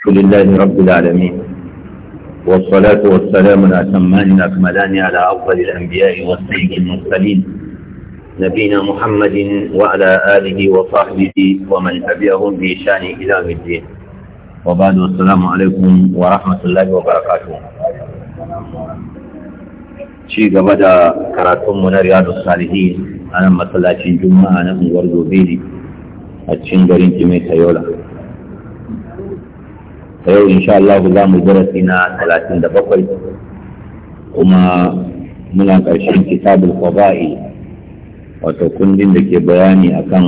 الحمد لله رب العالمين والصلاة والسلام الأتمان الأكملان على أفضل الأنبياء والسيد المرسلين نبينا محمد وعلى آله وصحبه ومن تبعهم بإشان إلى الدين وبعد والسلام عليكم ورحمة الله وبركاته شيء قبل كراتم من رياض الصالحين أنا مسلاتين جمعة أنا من وردو بيلي أتشين قرين تميت يولا yau insha Allah za mu darasi na talatin da bakwai kuma muna ƙarshen kitabul qaba'i wato kundin da ke bayani akan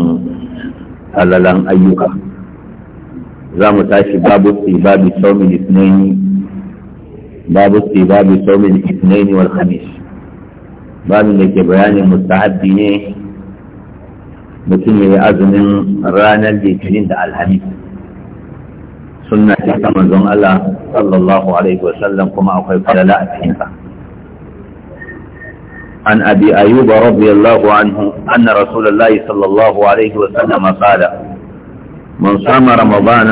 halalan ayyuka za mu tashi babu babu saumin isnaini babu babu saumin isnaini wal khamis babin da ke bayanin mustahabbi ne mutum ya yi azumin ranar litinin da alhamis sunna ce ta manzon Allah sallallahu alaihi wasallam kuma akwai falala a cikin sa عن أبي أيوب رضي الله عنه أن رسول الله صلى الله عليه وسلم قال من صام رمضان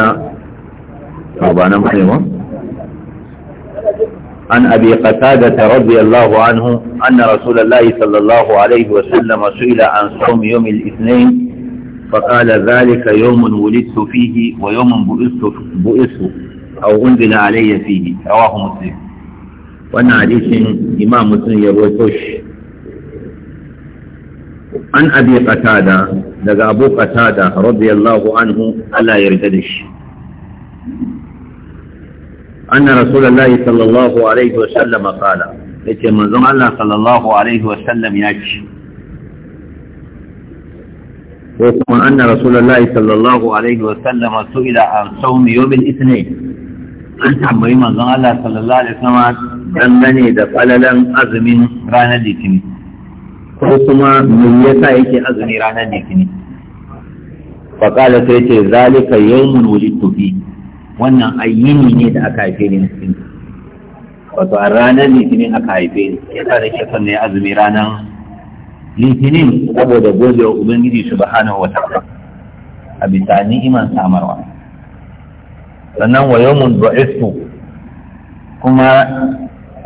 رمضان محرم عن أبي قتادة رضي الله عنه أن رسول الله صلى الله عليه وسلم سئل عن صوم يوم الاثنين فقال ذلك يوم ولدت فيه ويوم بئست بئست أو أنزل علي فيه رواه مسلم وأن حديث إمام مسلم يروي عن أبي قتادة لقى أبو قتادة رضي الله عنه ألا يرتدش أن رسول الله صلى الله عليه وسلم قال يتمنزم الله صلى الله عليه وسلم يجي وكما أن رسول الله صلى الله عليه وسلم سئل عن صوم يوم الاثنين أن تعمل من الله صلى الله عليه وسلم dangane da falalan azumin ranar litini ko kuma me yasa yake azumi ranar litini faƙala sai ce zalika yawmun wulidtu fi wannan ayyini ne da aka haife ni cikin wato a ranar litinin aka haife ni son azumi ranar litinin saboda gobe wa ubangiji subhanahu wa ta'ala a bisa ni'iman samarwa sannan wa yawmun ba'istu kuma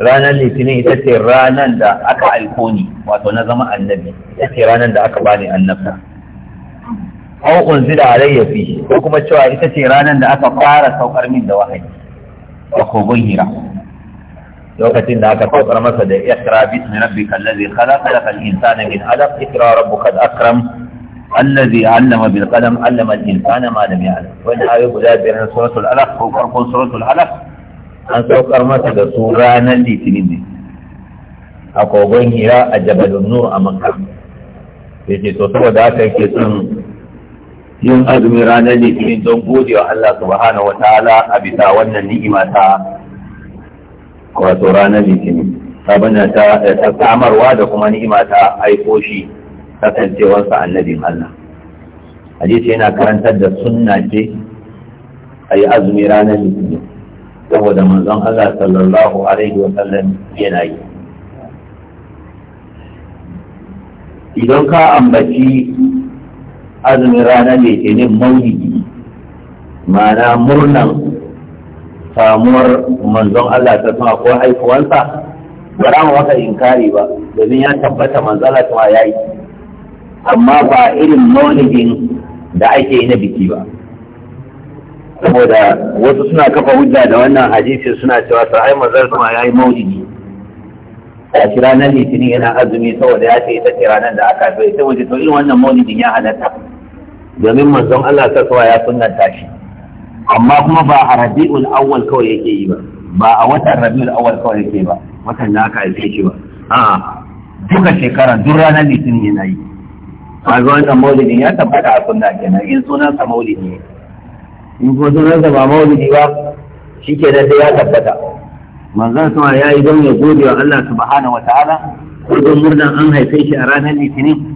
ranar litinin ita ce ranar da aka alkoni wato na zama annabi ita ce ranar da aka bani annabta au unzila alayya fi ko kuma cewa ita ce ranar da aka fara saukar min da wahayi a kogon hira lokacin da aka saukar masa da ikra bismi rabbikal ladzi khalaq khalaqal insana min alaq ikra rabbuka akram allazi allama bil qalam allama al insana ma lam ya'lam wannan ayoyi guda biyar na suratul alaq ko farkon suratul alaq an saukar masa da su ranar litinin ne a kogon hira a jabalun nur a makka ce to saboda aka yake son yin azumi ranar litinin don gode wa Allah subhanahu wa ta'ala a bisa wannan ni'ima ta wato ranar litinin abin eh, ta samarwa da kuma ni'ima ta aiko shi kasancewarsa annabin Allah hadisi yana karantar da sunna ce a yi azumi ranar litinin saboda manzon Allah sallallahu alaihi wa sallam yana yi idan ka ambaci azumin ranar litinin maulidi ma'ana murnan samuwar manzon Allah ta suna ko haifuwansa ba za mu maka inkari ba domin ya tabbata manzala ta ya yi amma ba irin maulidin da ake yi na biki ba saboda wasu suna kafa hujja da wannan hadisi suna cewa sai ai manzala ta ya yi maulidi a kira nan litinin yana azumi saboda ya ce ita kira nan da aka bai sai waje to irin wannan maulidin ya halatta domin manzon Allah ta ya sunnanta shi amma kuma ba a rabi'ul awwal kawai yake yi ba ba a watan rabi'ul awwal kawai yake ba watan na ka yake shi ba a'a duka shekara duk ranar litinin yana yi ba ga wannan maulidin ya tabbata a sunna kenan in sunan sa maulidi in ko sunan sa ba maulidi ba shikenan da ya tabbata manzon sama ya yi don ya gode wa Allah subhanahu wataala ko don murnan an haife shi a ranar litinin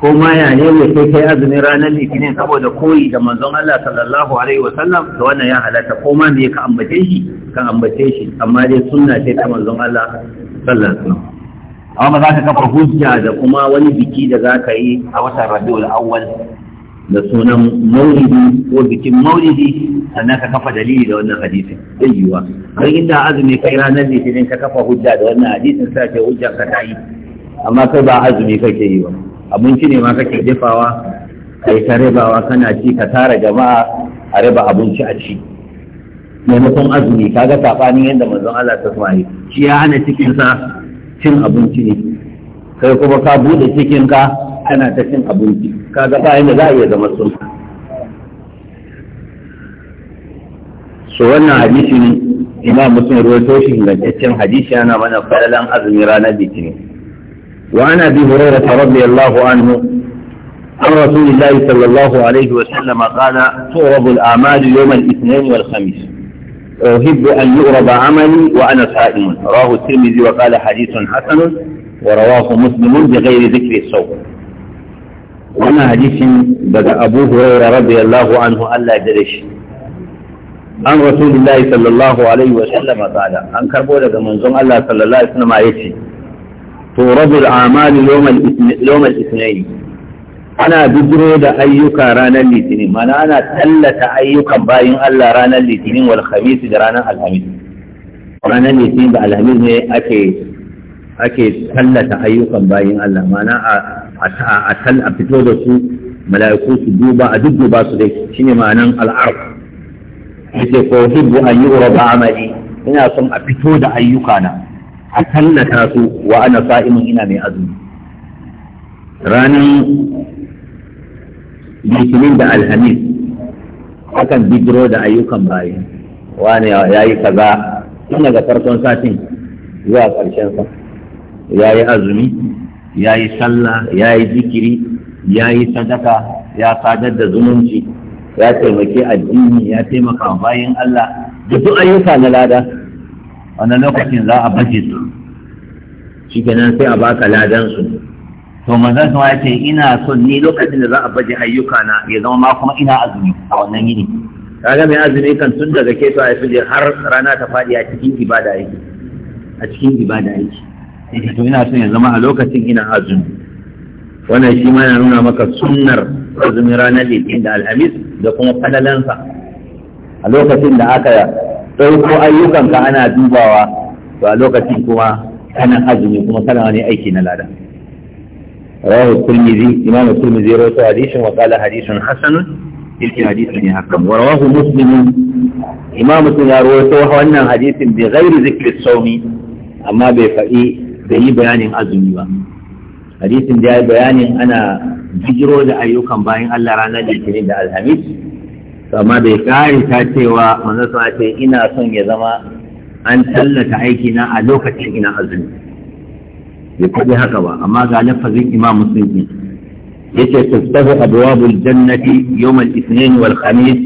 ko ma ya ne mai kai kai azumin ranar litinin saboda koyi da manzon Allah sallallahu alaihi wa sallam da wannan ya halatta ko ma me ka ambace shi ka ambace shi amma dai sunna ce ta manzon Allah sallallahu alaihi wa sallam amma za ka kafa hujja da kuma wani biki da za ka yi a watan Rabiul Awwal da sunan maulidi ko bikin maulidi sannan ka kafa dalili da wannan hadisi? zai yiwa don inda azumi kai ranar litinin ka kafa hujja da wannan hadisin sai ce hujja ka ta yi amma kai ba azumi kake yi ba abinci ne ma kake jefawa kai ta rabawa kana ci ka tara jama'a a raba abinci a ci maimakon azumi kaga sabanin yadda manzon Allah ta kuma shi ya hana cikin sa cin abinci ne kai kuma ka bude cikin ka kana ta cin abinci kaga ba yadda za a iya zama sun so wannan hadisi ne imam muslim ruwaito shi ingantaccen hadisi yana mana fadalan azumi ranar litinin وعن أبي هريرة رضي الله عنه عن رسول الله صلى الله عليه وسلم قال تعرض الأعمال يوم الاثنين والخميس أحب أن يغرب عملي وأنا صائم رواه الترمذي وقال حديث حسن ورواه مسلم بغير ذكر الصوم وانا حديث بدا أبو هريرة رضي الله عنه ألا جلش عن رسول الله صلى الله عليه وسلم قال أنكر من منظم الله صلى الله عليه وسلم يتي تورد الأعمال يوم الاثنين ana bijiro da ayyuka ranar litinin mana ana tallata ayyukan bayan Allah ranar litinin wal da ranar alhamis ranar litinin da alhamis ne ake ake tallata ayyukan bayan Allah mana a fito da su mala'iku su duba a dudduba su dai shine ma'anan al'arf yace ko hibbu an yura amali ina son a fito da na. a tallata su wa ana sa'imin ina mai azumi ranar litinin da alhamis akan bidiro da ayyukan bayi wani ya yi kaza tun daga farkon satin zuwa ƙarshen sa ya yi azumi ya yi sallah ya yi zikiri ya yi sadaka ya sadar da zumunci ya taimaki addini ya taimaka bayan Allah duk ayyuka na lada wannan lokacin za a baje su shi kenan sai a baka ladan su to manzon sun ce ina son ni lokacin da za a baje ayyuka na ya zama ma kuma ina azumi a wannan yini kaga mai azumi kan tun daga ke to har rana ta faɗi a cikin ibada yake a cikin ibada yake eh, to ina son ya zama a lokacin ina azumi wannan shi ma yana nuna maka sunnar azumin ranar litinin da alhamis da kuma falalansa a lokacin da aka ɗauko ayyukanka ana dubawa to a lokacin kuma kana azumi kuma kana wani aiki na lada rawahu tirmidhi imamu tirmidhi ya rawaito hadisin wa qala hadisun hasanun yake hadisin ne hakan wa rawahu muslim imamu sun ya rawaito wannan hadisin bi ghairi zikri sawmi amma bai faɗi bai yi bayanin azumi ba hadisin da ya bayanin ana bijiro da ayyukan bayan Allah ranar litinin da alhamis amma bai kare ta cewa manzo ce ina son ya zama an tallata aiki na a lokacin ina azumi bai faɗi haka ba amma ga lafazin imam muslim din yace tuftahu abwabul jannati yawm al-ithnin wal khamis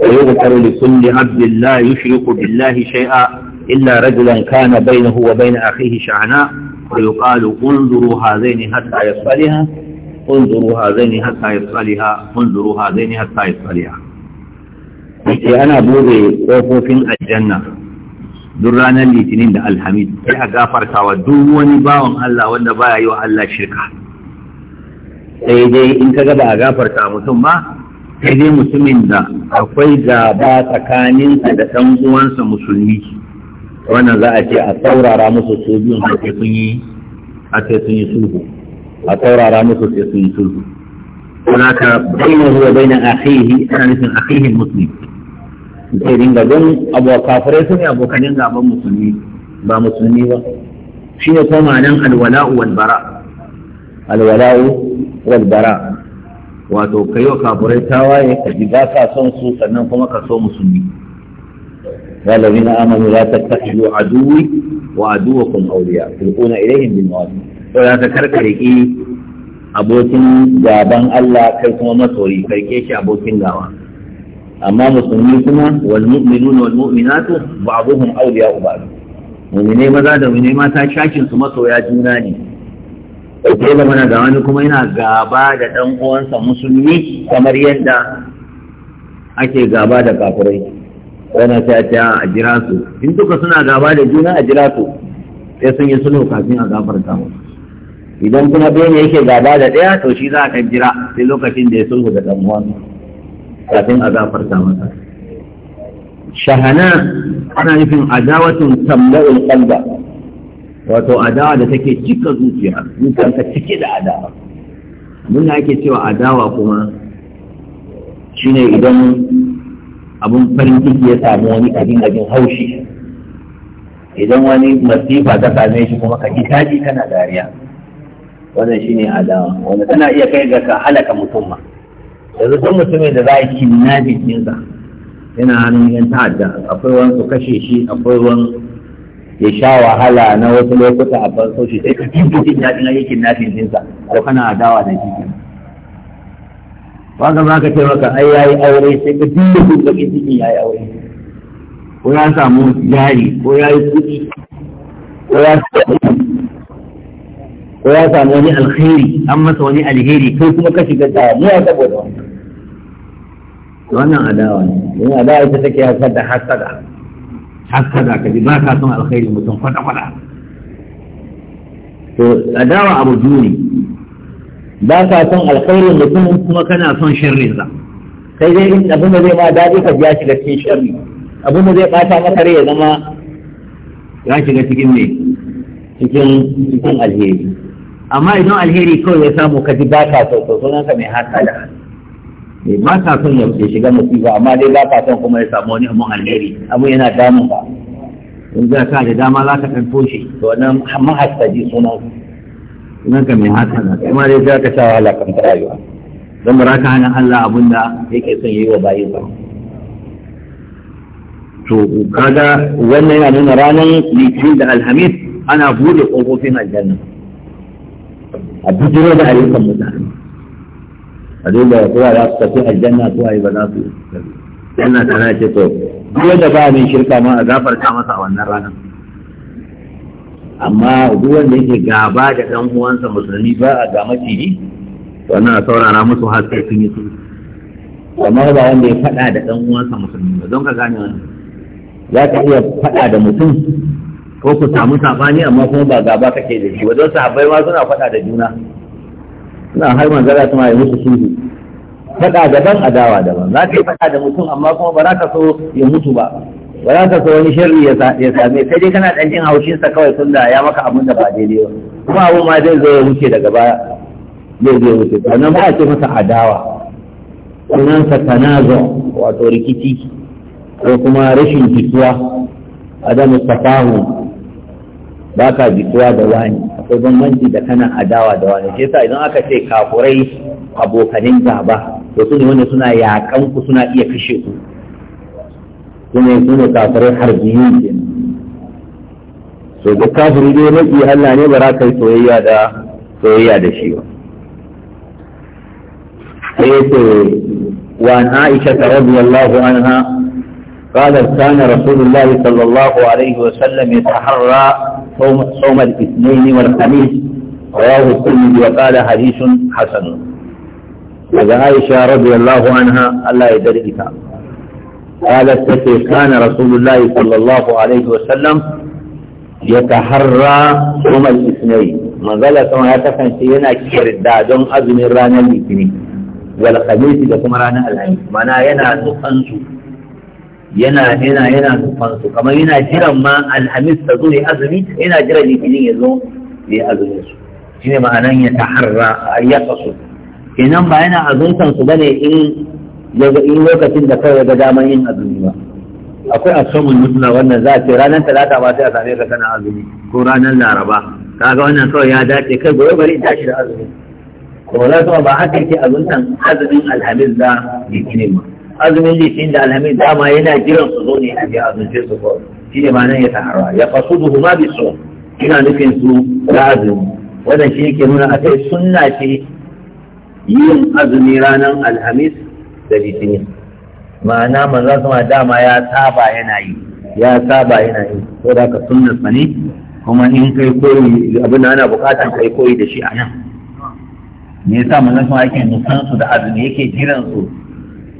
ويغفر لكل عبد لا يشرك بالله شيئا إلا رجلا كان بينه وبين أخيه yace ana bude kofofin aljanna duk ranar litinin da alhamid sai a gafartawa duk wani bawan Allah wanda baya yi wa Allah shirka sai dai in ka gaba a gafarta mutum ba sai dai mutumin da akwai gaba tsakaninsa da ɗan uwansa musulmi wannan za a ce a saurara musu su biyun sai sun yi a sai sun yi sulhu a saurara musu sai sun yi sulhu هناك zuwa وبين أخيه أنا نسمي أخيه musulmi. zai dinga don kafirai su ne abokanin gaban musulmi ba musulmi ba shi ne kuma nan alwala'u wal alwala'u wal bara wato kai wa kafirai tawaye ka ji ba ka son su sannan kuma ka so musulmi ya lafi na tafi la a aduwi wa aduwakum awliya tulquna ilaihim bin wasu to ya ta karkare ki abokin gaban Allah kai kuma masoyi kai ke shi abokin gawa amma musulmi kuma wal mu'minun wal mu'minatu ba'dhum awliya'u ba'd mu'mine maza da mu'mine mata shakin su masoya juna ne sai da mana ga wani kuma yana gaba da dan uwansa musulmi kamar yadda ake gaba da kafirai wani ta ta a jira su in duka suna gaba da juna a jira su sai sun yi sulhu kafin a gafarta mu idan kuma ɗaya ne yake gaba da ɗaya to shi za a kan jira sai lokacin da ya sulhu da ɗan uwansa kafin a gafarta masa shahana ana nufin adawatin tamla'ul kalba, wato adawa da take cika zuciya ka cike da adawa Muna ake cewa adawa kuma shine idan abin farin ciki ya samu wani abin abin haushi idan wani masifa ta same shi kuma ka ji kana dariya wannan shine adawa wanda tana iya kai ga ka halaka mutum ma yanzu duk mutumin da za a yi munafikinsa yana hannun yan ta'adda akwai wani su kashe shi akwai wani ya sha wahala na wasu lokuta a ban shi sai ka kimkitin daɗin aikin nafin ɗinsa ko kana adawa da shi wanda ma ka ce maka ai ya yi aure sai ka dinga kun baƙin cikin ya yi aure ko ya samu jari ko ya yi kuɗi ko ya ko ya samu wani alheri an masa wani alheri kai kuma ka shiga ya saboda wani wannan adawa ne yin adawa ita take haifar da hasada hasada ka ji ba ka son alkhairi mutum kwata-kwata to adawa abu biyu ne ba ka son alkhairi mutum kuma kana son sharrin sa sai dai in abin da zai ma daɗi ka ya shiga cikin sharri abin da zai ɓata maka rai ya zama ya shiga cikin me cikin cikin alheri amma idan alheri kawai ya samu ka ji ba ka so to sunan ka mai hasada ne eh, ba ka son ya shiga musiba amma dai ba son kuma ya samu wani abu alheri abu yana damun ba in za ka da dama za ka kan toshe to wannan mahasaji suna sunan ka mai na kuma dai za ka sha wahala kan rayuwa don ba ka hana Allah abun da yake son yi wa bayi ba to kaga wannan yana nuna ranar litinin da alhamis ana bude kofofin aljanna a duk da ayyukan mutane a duba kowa za su tafi aljanna ko ai ba za su janna tana ce to duk da ba min shirka ma a gafarta masa a wannan ranar amma duk wanda yake gaba da dan uwansa musulmi ba a ga maciji wannan a saurara musu har sai sun yi su amma ba wanda ya faɗa da dan uwansa musulmi ba don ka gane wannan za ka iya faɗa da mutum ko ku samu sabani amma kuma ba gaba kake da shi wajen sahabbai ma suna faɗa da juna suna har manzara kuma ya mutu sulhu faɗa daban adawa daban za ka yi faɗa da mutum amma kuma ba za ka so ya mutu ba ba za ka so wani sharri ya same sai dai kana ɗan jin haushinsa kawai tun da ya maka abin da ba daidai ba kuma abu ma zai zo ya wuce daga baya zai zo ya wuce nan ba a ce masa adawa sa tanazo wato rikici ko kuma rashin jituwa adamu tafahu ba ka jituwa da wani akwai bambanci da kana adawa da wani shi yasa idan aka ce kafurai abokanin gaba to su ne wanda suna yakan ku suna iya kashe ku su ne su ne kafurai harbiyun ke so da kafiri dai maki Allah ne ba za ka yi soyayya da soyayya da shi ba sai yace wa an Aisha radiyallahu anha قالت كان رسول الله صلى الله عليه وسلم يتحرى صوم الاثنين والخميس رواه الترمذي وقال حديث حسن daga Aisha radiyallahu anha Allah ya dare ta قالت تكي كان رسول الله صلى الله عليه وسلم يتحرى صوم الاثنين من قال كما يتفن سينا كير الدادون أزم رانا الاثنين والخميس لكم رانا الخميس معناه ينا نقنص yana yana yana tufan su kamar yana jiran ma alhamis ta zo ya azumi yana jiran litinin ya zo ya azumi su shine ma'anan ya taharra ya tsasu kenan ba yana azumtan su bane in in lokacin da kawai ga damar yin azumi ba akwai asamun mutuna wannan za a ce ranar talata ba sai a same ka kana azumi ko ranar laraba kaga wannan kawai ya dace kai gobe bari in tashi da azumi ko za ba haka yake azumtan azumin alhamis da litinin ba azumin litin da alhamis dama yana jiran su zo ne a biya azumce su kawai shi ne ma nan ya tahara ya fasu duhu ma bi so ina nufin su da azumi wannan shi yake nuna a kai sunna ce yin azumi ranar alhamis da litinin ma'ana manzo sama dama ya saba yana yi ya saba yana yi ko da ka sunna ne kuma in kai koyi abin da ana bukatar kai koyi da shi a nan me yasa manzo sama yake nusan su da azumi yake jiran su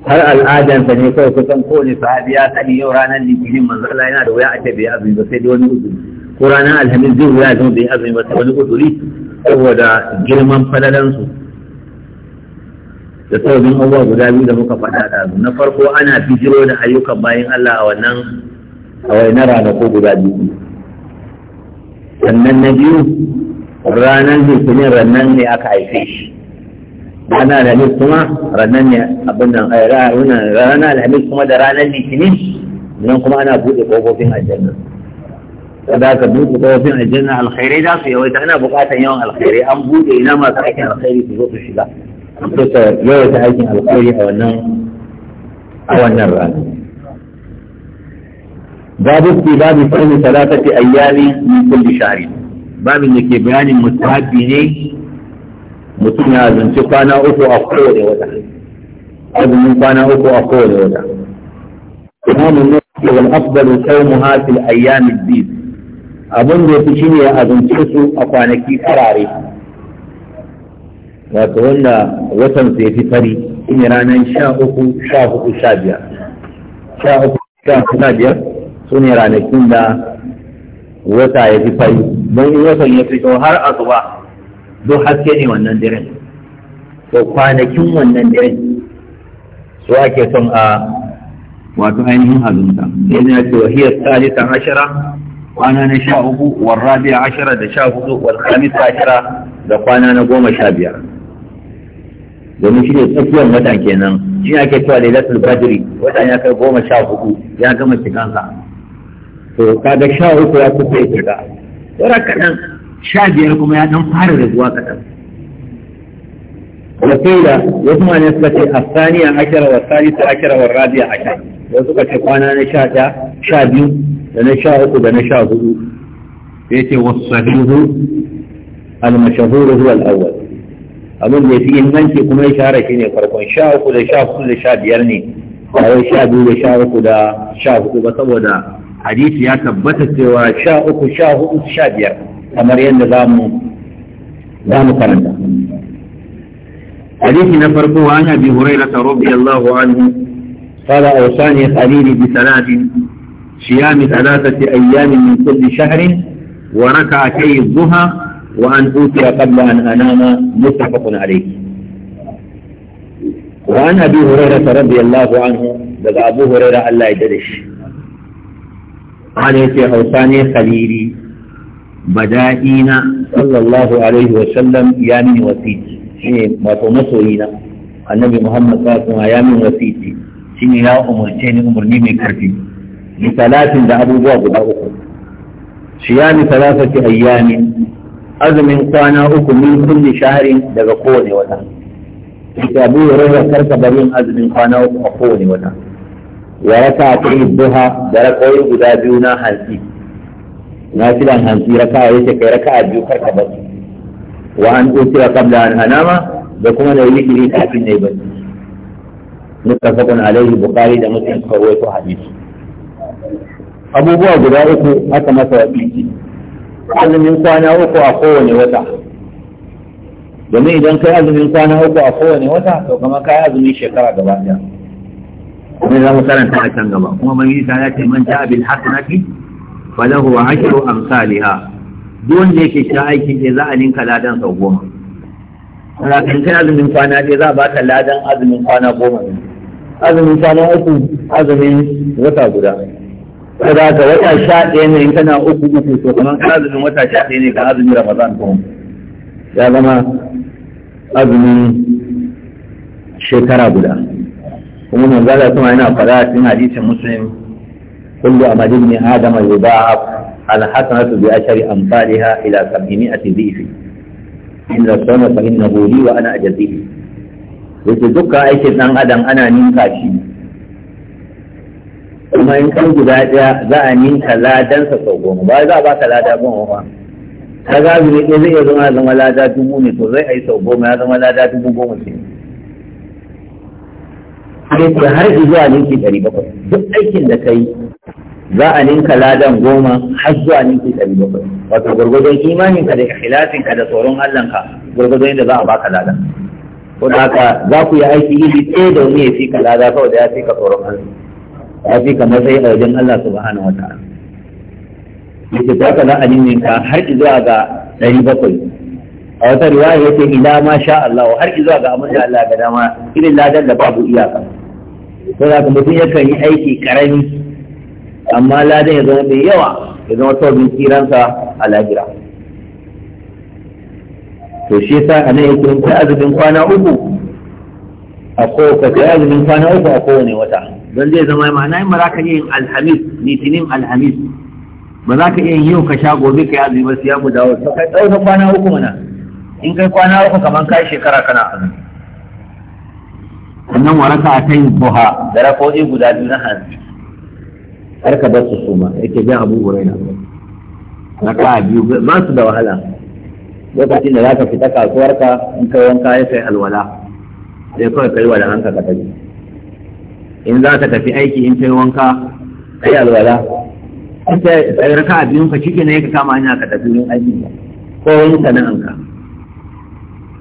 har al'adansa ne kawai kusan kowane sahabi ya sani yau ranar litinin manzo Allah yana da wuya a ce bai azumi ba sai dai wani uzuri ko ranar alhamis zai wuya zama bai azumi ba sai wani uzuri saboda girman su da sabbin abubuwa guda biyu da muka faɗa da na farko ana bijiro da ayyukan bayan Allah a wannan a wannan ko guda biyu sannan na biyu ranar litinin rannan ne aka haife shi rana alhamis kuma ranar ne abin nan rana alhamis kuma da ranar litinin nan kuma ana buɗe ƙofofin aljanna da ka buɗe ƙofofin aljanna alkhairai za su yawaita ana buƙatar yawan alkhairai an buɗe ina masu aikin alkhairi su zo su shiga sai ka yawaita aikin alkhairi a wannan a wannan rana babu ki babu sani salatati ayyami min kulli shahri babin da ke bayanin mustahabi ne mutum ya azumci kwana uku a kowane wata azumin kwana uku a kowane wata imamun nawawi wal afdalu sawmuha fil ayyam al-bid abin da yafi shine ya azumce su a kwanaki farare wato wanda watan su yafi fari shine ranar sha uku sha hudu sha biyar sha uku sha hudu sha biyar su ne ranakin da wata ya fi fari don in watan ya fito har asuba duk haske ne wannan diren. to kwanakin wannan daren su ake son a wato ainihin azumta yana ce wa hiya tsalisa ashara kwana na sha uku wal rabi'a ashara da sha hudu wal khamisa ashara da kwana na goma sha biyar domin shi ne tsakiyar wata kenan shi ake cewa lailatul badri wata ya kai goma sha hudu ya gama shigansa to kaga sha uku ya kusa ya shiga wara kaɗan sha biyar kuma ya dan fara raguwa kaɗan wakila wasu ma ne suka ce a saniya ashara wa salisa ashara wa rabi'a ashara wasu suka ce kwana na sha ɗaya sha biyu da na sha uku da na sha hudu sai ce wasu sahihu al-mashahuru huwa al-awwal abin da ya fi inganci kuma ya shahara shi ne farkon sha uku da sha hudu da sha biyar ne ba wai sha biyu da sha uku da sha hudu ba saboda hadisi ya tabbata cewa sha uku sha hudu sha biyar kamar yadda za mu za mu karanta hadisi na farko hurairata radiyallahu anhu قال أوصاني خليلي بثلاث صيام ثلاثة أيام من كل شهر وركعتي الضحى وأن أوتي قبل أن أنام متفق عليه وعن أبي هريرة رضي الله عنه بدأ أبو هريرة الله يدرش قال أوصاني خليلي bada'ina sallallahu alaihi wa sallam ya min wasiti shine wato masoyina annabi muhammad sallallahu alaihi ya min wasiti shine ya umarce ni umarni mai karfi ni talatin da abubuwa guda uku siyami talafati ayyami azumin kwana uku min kulli shahrin daga kowane wata ita abu hurairah karka barin azumin kwana uku a kowane wata wa raka ta duha da rakoyi guda biyu na hansi na filan hantsi raka'a yace kai raka'a biyu kar ka bari wa an utira qabla an hanama da kuma da wikiri kafin ne bari mutafaqun Alayhi bukhari da muslim kawai ko hadisi abubuwa guda uku aka masa wasiki azumin kwana uku a kowane wata domin idan kai azumin kwana uku a kowane wata to kama kai azumin shekara gaba ɗaya ne za mu karanta a can gaba kuma mai yi ta ya ce man ja'a bil hasanati falahu wa ashru amsalha duk wanda yake shi aikin ke za a ninka ladan sau goma ana kan azumin kwana ɗaya za a baka ladan azumin kwana goma azumin kwana uku azumin wata guda za ka wata sha ɗaya ne in kana uku uku to kamar ka azumin wata sha ɗaya ne ka azumin ramadan ko ya zama azumin shekara guda kuma manzala kuma yana faɗa cikin hadisin musulmi كل عمل ابن آدم يضاعف الحسنة بعشر أمثالها إلى سبعمائة ضعف إن الصوم فإنه لي وأنا أجزيه yace dukkan aikin ɗan adam ana ninka shi kuma in kan guda ɗaya za a ninka ladansa sau goma ba za a ka lada goma ba ka za zai iya zama zama lada dubu ne to zai a yi sau goma ya zama lada dubu goma ce sai har zuwa ninki ɗari bakwai duk aikin da ka yi za a ninka ladan goma har zuwa ninki ɗari bakwai wato gwargwadon ka da ka da tsoron allahnka gwargwadon yadda za a baka ladan ko da haka za ku yi aiki iri ɗaya da wani ya fi ka lada kawai da ya fi ka tsoron allah ya fi ka matsayi a wajen allah subhanahu wa ta'ala yake ta ka za a ninka har zuwa ga ɗari bakwai a wata riwaya yace ila ma sha Allah har zuwa ga amurka Allah ga dama irin ladan da babu iyaka ko za ka mutum yakan yi aiki karami amma ladan ya zama mai yawa ya zama tobin tsiransa a lahira to shi yasa a nan yake kai azumin kwana uku a kowace kai azumin kwana uku a kowane wata don zai zama ma'ana yin ba za ka iya yin alhamis litinin alhamis ba za ka iya yin yau ka sha gobe ka yi azumi ba siya mu dawo sai kai tsawon kwana uku mana in kai kwana uku kamar kai shekara kana azumi sannan wa raka ta yi buha da raka'o'i guda biyu na hanzu har ka bar su su ma yake bin abu na raka biyu ba su da wahala lokacin da za ka fita kasuwarka in kai wanka ya kai alwala sai kawai kai wala hanka ka tafi in za ka tafi aiki in kai wanka kai alwala sai raka biyun ka shi ne ka kama hanya ka tafi yin aiki ko wani sana'anka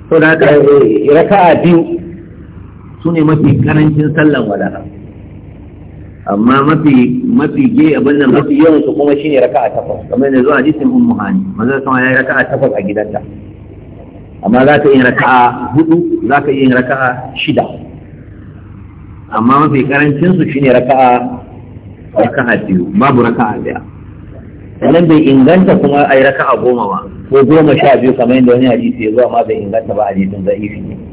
to da ka eh, raka biyu su ne mafi karancin sallan wadana amma mafi mafi ge abin nan mafi yawan su kuma shine raka'a takwas kamar yanzu hadisin ummu hani manzo sama yayi raka'a takwas a gidanta amma za ka yi raka'a hudu za ka yi raka'a shida amma mafi karancin su shine raka'a raka'a biyu babu raka'a daya Sannan bai inganta kuma yi raka'a goma ba ko goma sha biyu kamar yadda wani hadisi ya zo amma bai inganta ba hadisin za'ifi ne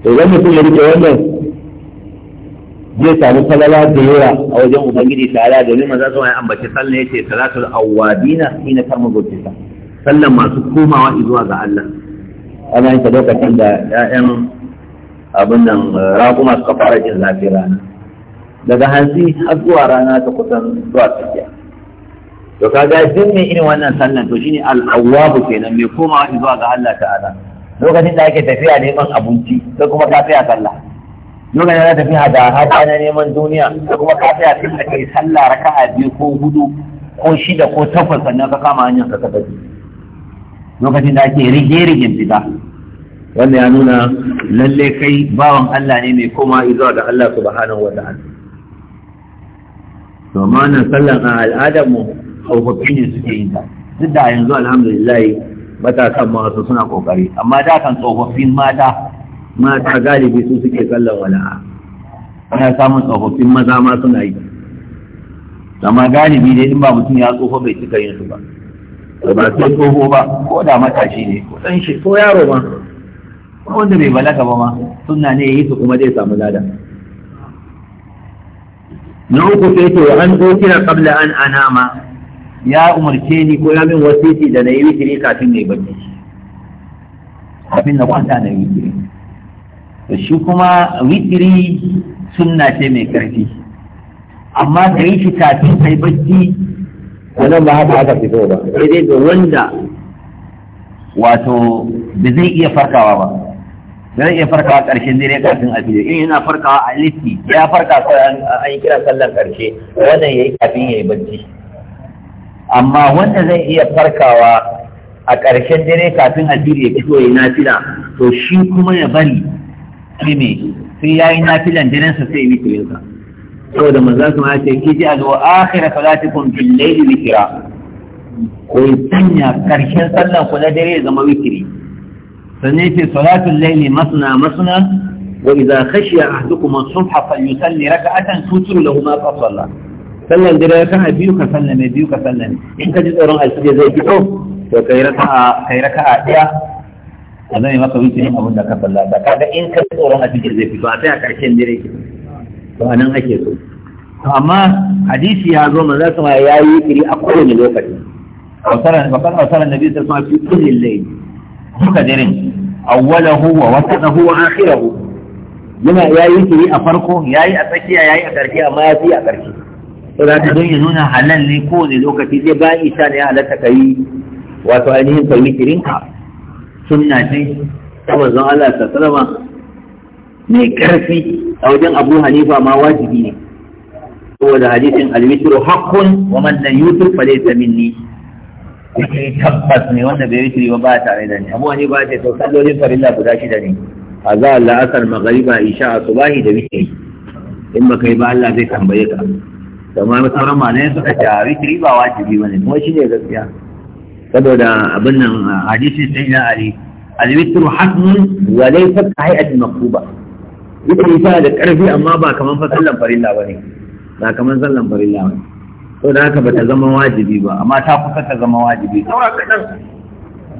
idan mutum ya rike wannan zai samu falala da yawa a wajen ubangiji ta'ala domin maza su ya ambaci ya ce salatul awwabina ina karmu gurtisa sallan masu komawa zuwa ga Allah ana yin ta lokacin da 'ya'yan abin nan raƙuma suka fara jin zafi rana daga hanzi har zuwa rana ta kusan zuwa tafiya. to kaga duk mai irin wannan sallan to shine al-awwabu kenan mai komawa zuwa ga Allah ta'ala lokacin da ake tafiya neman abinci sai kuma ka tsaya sallah lokacin da tafiya da hata na neman duniya sai kuma ka tsaya sai ka yi sallah raka'a biyu ko hudu ko shida ko takwas sannan ka kama hanyar ka tafi lokacin da ake rige-rigen fita wanda ya nuna lalle kai bawan Allah ne mai koma zuwa ga Allah subhanahu wa ta'ala to ma sallan a al'adar mu tsofaffi ne suke yin ta duk da yanzu alhamdulillah matasan masu suna kokari amma da kan tsofaffin mata mata galibi su suke kallon wala'a ana samun tsofaffin maza ma suna yi amma galibi dai in ba mutum ya tsofa bai cika yin su ba ba sai tsoho ba ko da matashi ne ko dan shi ko yaro ma ko wanda bai balaga ba ma sunna ne yi su kuma zai samu lada na uku sai to an dokira qabla an anama ya umarce ni ko ya min wasiti da na yi witiri kafin na yi bacci kafin na kwanta na yi witiri to shi kuma wikiri sunna ce mai karfi amma da yi shi kafin mai bacci wannan ba haka aka fito ba sai dai ga wanda wato da zai iya farkawa ba zai iya farkawa karshen dare kafin alfijir in yana farkawa a litti ya farka sai an yi kira sallar karshe wannan yayi kafin yayi bacci amma wanda zai iya farkawa a ƙarshen dare kafin alfiri ya fito ya yi nafila to shi kuma ya bari shi ne sai ya yi nafilan sa sai yi tirinsa saboda Maza su ma ce ji a zuwa akira salatikum bil layli zikra ko sanya ƙarshen sallan ku na dare ya zama wikiri sannan ce salatul laili masna masna wa idza khashiya ahdukum as-subha falyusalli raka'atan tutru lahu ma qasalla sallan ya kana biyu ka sallame biyu ka sallame in ka ji tsoron alfijir zai fito to kai raka'a kai a ɗaya a zai maka wuce yin abin da ka ba kaga in ka ji tsoron alfijir zai fito a sai a ƙarshen dire ki to anan ake so to amma hadisi ya zo manzo sama yi kiri a kowane lokaci wasaran wakan wasaran nabi sallallahu alaihi wasallam fi kulli layl duka daren awwalahu wa wasatahu wa akhirahu yana yayi kiri a farko yayi a tsakiya yayi a karshe amma ya fi a karshe to ta don ya nuna halal ne kowane lokaci sai bayan isha ne halatta ka yi wato ainihin ka sun sunna ce ta manzon Allah ta sarama mai karfi a wajen Abu Hanifa ma wajibi ne saboda hadisin alwitru hakkun wa man lam yutir fa laysa minni yake tabbas ne wanda bai yi ba ba tare da ni Abu Hanifa ce to sallolin farilla guda shida ne azza Allah asar maghriba isha subahi da witri in baka yi ba Allah zai tambaye ka kamar sauran ne suka ce wikiri ba wajibi ne kuma shi ne gaskiya saboda abin nan hadisi sai na ali alwitru hasnun wa laysa hay'atul maktuba ne tana da karfi amma ba kamar fa sallan farilla bane ba kamar sallan farilla bane to da haka ta zama wajibi ba amma ta kusa ta zama wajibi saura kadan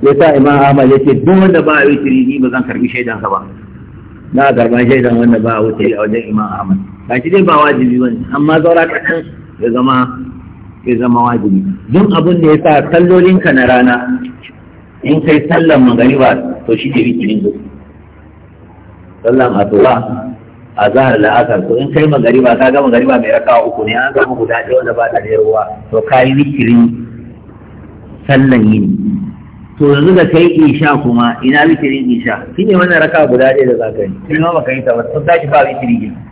ya sa imam ahmad yace duk wanda ba wikiri ni ba zan karbi shaidan sa ba na karban shaidan wanda ba a witri a wajen imam ahmad ba shi dai ba wajibi ba ne amma zaura kaɗan ya zama ya zama wajibi don abin da ya sa sallolinka na rana in kai sallan magariba to shi ke bikin ku. sallan asuba a zahar la'asar to in kai magariba ka ga magariba mai rakawa uku ne an samu guda ɗaya wanda ba ta da ruwa to ka yi wikirin sallan yini to yanzu da kai isha kuma ina wikirin isha shine wannan rakawa guda ɗaya da za ka yi kuma ba ka yi ta ba sun tashi ba wikirin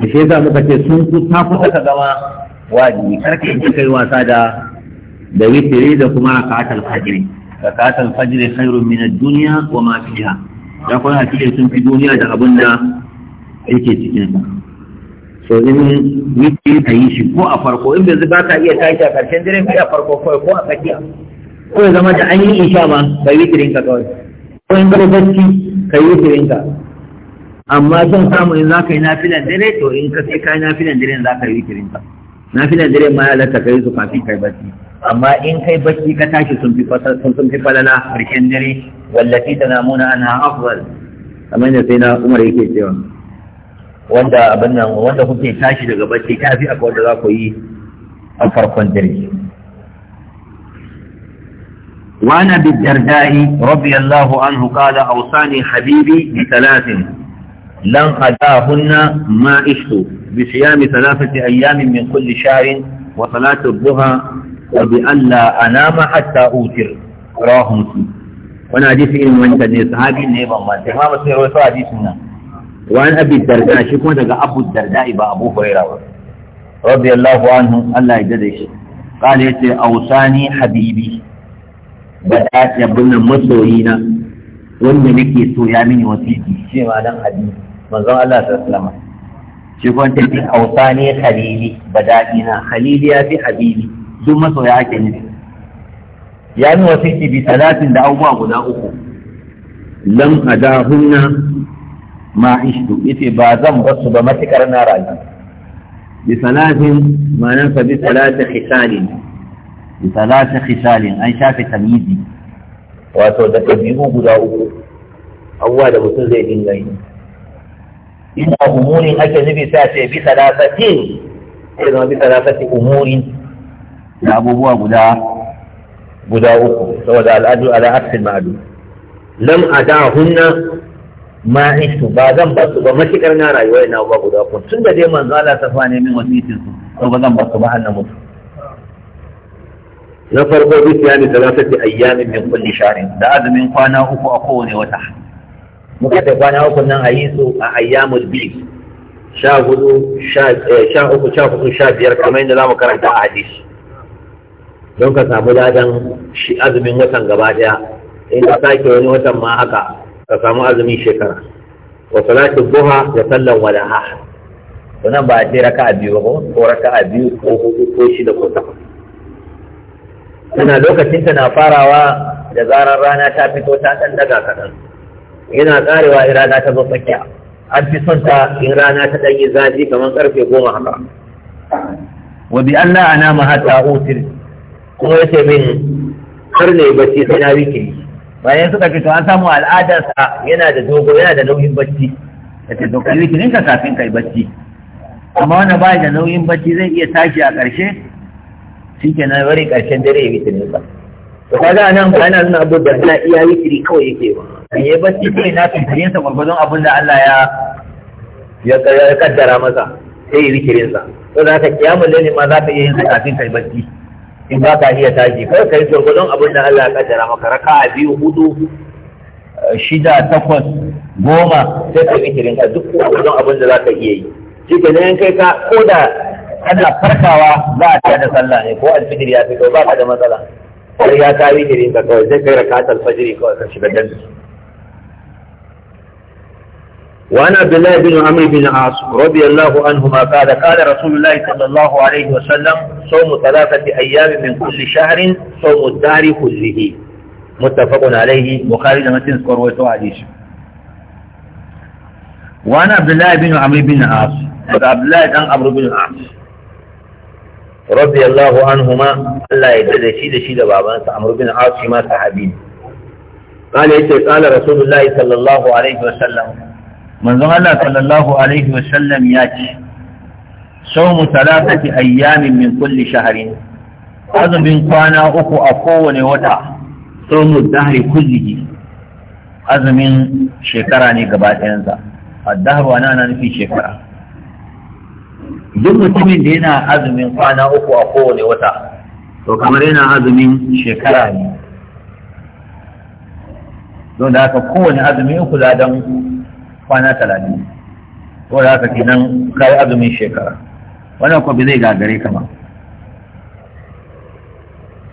da shi yasa muka ce sun ku ta ku aka zama wajibi karka yi kai wasa da da witiri da kuma rakatul fajr rakatul fajr khairun min ad-dunya wa ma fiha da kuma a cikin sun fi duniya da abin da yake cikin sa so in witiri ka yi shi ko a farko in bai zuba ka iya tashi a karshen dare ko a farko kawai ko a tsakiya ko ya zama da an yi isha ma ka yi witirin ka kawai ko in gaba bacci ka yi witirin ka amma zan samu in za ka yi nafilan dare to in ka sai ka yi nafilan dare za ka yi witirin ka nafilan dare ma ya lata kai su kafin kai bacci amma in kai bacci ka tashi sun fi fasal sun fi falala karshen dare wallati namuna ana afdal kamar da sai na Umar yake cewa wanda abin nan wanda kuke tashi daga bacci ta fi akwai wanda za ku yi a farkon dare وعن ابي الدرداء رضي الله عنه قال اوصاني حبيبي بثلاث lan hadahunna ma ishtu bi siyami thalathati ayyamin min kulli shahrin wa salati dhuha wa bi an la anama hatta utir wani hadisi irin ne sahabi ne ban ban sai ma ba sai rawaito hadisin nan darda shi kuma daga abu darda ba abu hurairah ba radiyallahu anhu Allah ya dade shi qala yace ausani habibi ba da na wanda nake so ya mini wasiki ce ma dan manzon Allah sallallahu alaihi wasallam shi kun ta ce hausa ne khalili daɗi na khalili ya fi habibi duk masoya ake ne ya yi wasiki bi talatin da abubuwa guda uku lam adahunna ma ishtu yace ba zan basu ba matukar na rayu bi salatin ma'anar sa bi salatin khisalin bi salatin khisalin an shafe tamizi wato da ɗabi'u guda uku abubuwa da mutum zai dinga yi ina umurin ake nufi sai a ce bi sadaqatin sai zama bi sadaqati umurin da abubuwa guda guda uku saboda al'adu ala aksil ma'adu lam adahunna ma isu ba zan ba su ba matukar na rayuwa ina ba guda uku tun da dai manzo Allah ta fa ne min wasitin su to ba zan ba su ba har na mutu na farko bisa bi siyani salasati ayyamin min kulli shahrin da azumin kwana uku a kowane wata muka ta kwana uku nan a yi su a ayyamul bi sha hudu eh, sha uku sha hudu sha biyar kamar yadda za mu karanta a hadisi don ka samu ladan shi azumin watan gaba daya in ka sake wani watan ma haka ka samu azumin shekara wa salatu duha da sallan walaha to Wannan ba a ce a biyu ba ko raka a biyu ko hudu ko shida ko takwas tana lokacin ta na farawa da zarar rana ta fito ta ɗan daga kaɗan yana karewa in rana ta zo tsakiya an fi son ta in rana ta ɗanyi zafi kamar karfe goma haka wa bi an la ana ma hatta utir kuma yace min har ne bacci sai na wike bayan suka fito an samu al'adarsa yana da dogo yana da nauyin bacci da ta kai wike ka kafin kai bacci amma wanda ba da nauyin bacci zai iya tashi a ƙarshe shi ke nan bari ƙarshen dare ya witirinsa to kaga nan ba yana nuna abu da iya witiri kawai yake ba yayi bacci kai na tunturin sa gurgurdun abin da Allah ya ya kaddara masa sai yi zikirin sa to da haka kiyamul layli ma za ka iya yin kafin kai bacci in ba ka iya tashi kai kai gurgurdun abin da Allah ya kaddara maka raka a biyu hudu shida takwas goma sai ka zikirin ka duk gurgurdun abin da za ka iya yi shi nan kai ka ko da ana farkawa za a tada sallah ne ko alfijir ya fito ba ka da matsala sai ya ta wikirin ka kawai sai kai rakatar fajiri kawai ka shiga dan وعن عبد الله بن عمرو بن عاص رضي الله عنهما قال قال رسول الله صلى الله عليه وسلم صوم ثلاثة أيام من كل شهر صوم الدار كله متفق عليه بخاري لما تنذكر وتعديش وعن عبد الله بن عمرو بن عاص عبد الله بن عمرو بن عاص رضي الله عنهما الله يجزي شيء شيء بابا عمرو بن عاص ما صحابين قال قال رسول الله صلى الله عليه وسلم manzon Allah sallallahu alaihi wa sallam ya ce sawmu thalathati ayyamin min kulli shahrin azumin kwana uku a kowane wata sawmu dahri kullihi azumin shekara ne gaba ɗayansa addahru ana na nufin shekara duk mutumin da yana azumin kwana uku a kowane wata to kamar yana azumin shekara ne don da haka kowane azumi uku ladan kwana talatin ko da haka kenan kai azumin shekara wannan ko bai zai gagare ka ba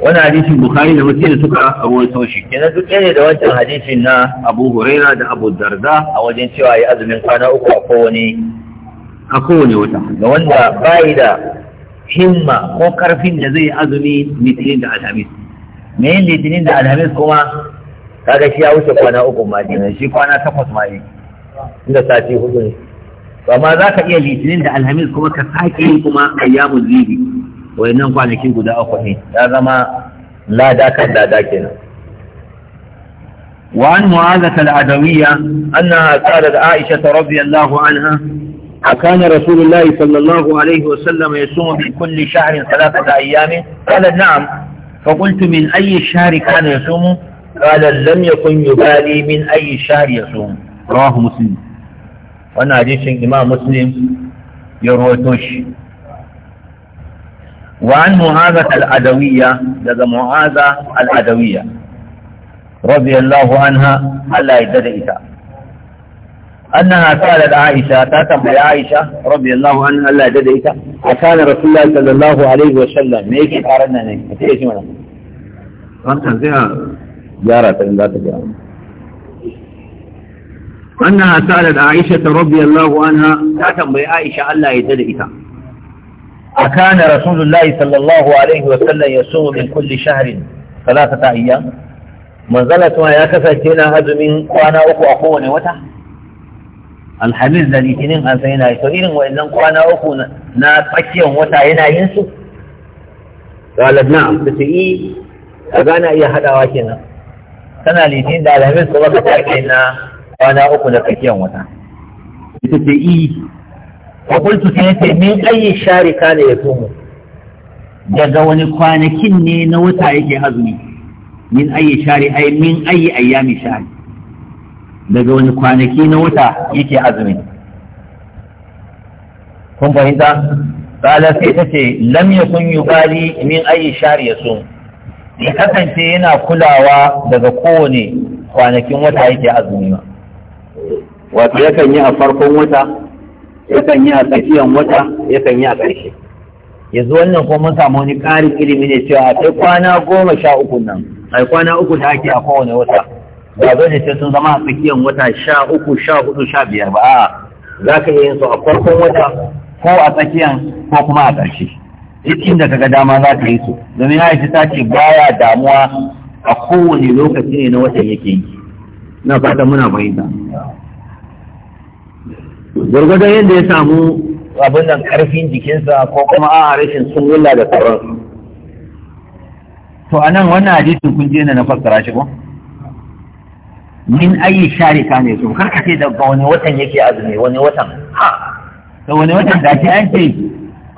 wannan hadisin bukhari da muslim suka rawaito shi kenan duk ne da wancan hadisin na abu huraira da abu darda a wajen cewa ya azumin kwana uku a kowane a kowane wata da wanda bayi da himma ko karfin da zai azumi litinin da alhamis me litinin da alhamis kuma kaga shi ya wuce kwana uku ma shi kwana takwas ma inda sati hudu ne amma za ka iya litinin da alhamis kuma ka sake yin kuma ayyamun zibi wayannan kwanakin guda uku ne ya zama lada kan lada kenan وعن معاذة العدوية أنها سألت عائشة رضي الله عنها أكان رسول الله صلى الله عليه وسلم يصوم في كل شهر ثلاثة أيام قالت نعم فقلت من أي شهر كان يصوم قال لم يكن يبالي من أي شهر يصوم rawahu muslim wannan hadisin imam muslim ya rawaito shi وعن معاذة العدوية لذا معاذة العدوية رضي الله عنها ألا يدرئتا أنها قالت عائشة تاتم عائشة رضي الله عنها ألا يدرئتا وكان رسول الله صلى الله عليه وسلم ميكي قارنا نيكي ايش منا فانت زيها جارة لا تجارة annaha sa'alat Aisha radiyallahu anha ta tambayi Aisha Allah ya tada ita akana rasulullahi sallallahu alaihi wa sallam yasum min kulli shahrin thalathata ayyam manzalatu ya kasance na azumin kwana uku a kowane wata alhamis da litinin an sai yana yi to irin wa'annan kwana uku na tsakiyar wata yana yin su qalat na'am tace i kaga na iya hadawa kenan kana litinin da alhamis kuma ka na kwana uku da tsakiyar wata ita ce i wa kultu sai yace min ayi shari kana ya tumu daga wani kwanakin ne na wata yake azumi min ayi shari ai min ayi ayyami shari daga wani kwanaki na wata yake azumi kun fahimta kala sai ta ce lam yi yubali min ayi shari ya sumu ya kasance yana kulawa daga kowane kwanakin wata yake azumi ma. wato yakan yi a farkon wata yakan yi a tsakiyan wata yakan yi a ƙarshe yanzu wannan ko mun samu wani ƙarin ilimi ne cewa kai kwana goma sha uku nan ai kwana uku da ake a kowane wata ba zai ce sun zama a tsakiyan wata sha uku sha hudu sha biyar ba a'a za ka iya yin su a farkon wata ko a tsakiyan ko kuma a ƙarshe duk inda kaga dama za ka yi su domin aisha ta ce baya damuwa a kowane lokaci ne na watan yake yi na fata muna fahimta gwargwadon yadda ya samu abin nan karfin jikinsa ko kuma a rashin sun wula da sauran to a nan wannan hadisin kun je na fassara shi ko min ayi sharika ne su karka ce daga wani watan yake azumi wani watan ha to wani watan da an ce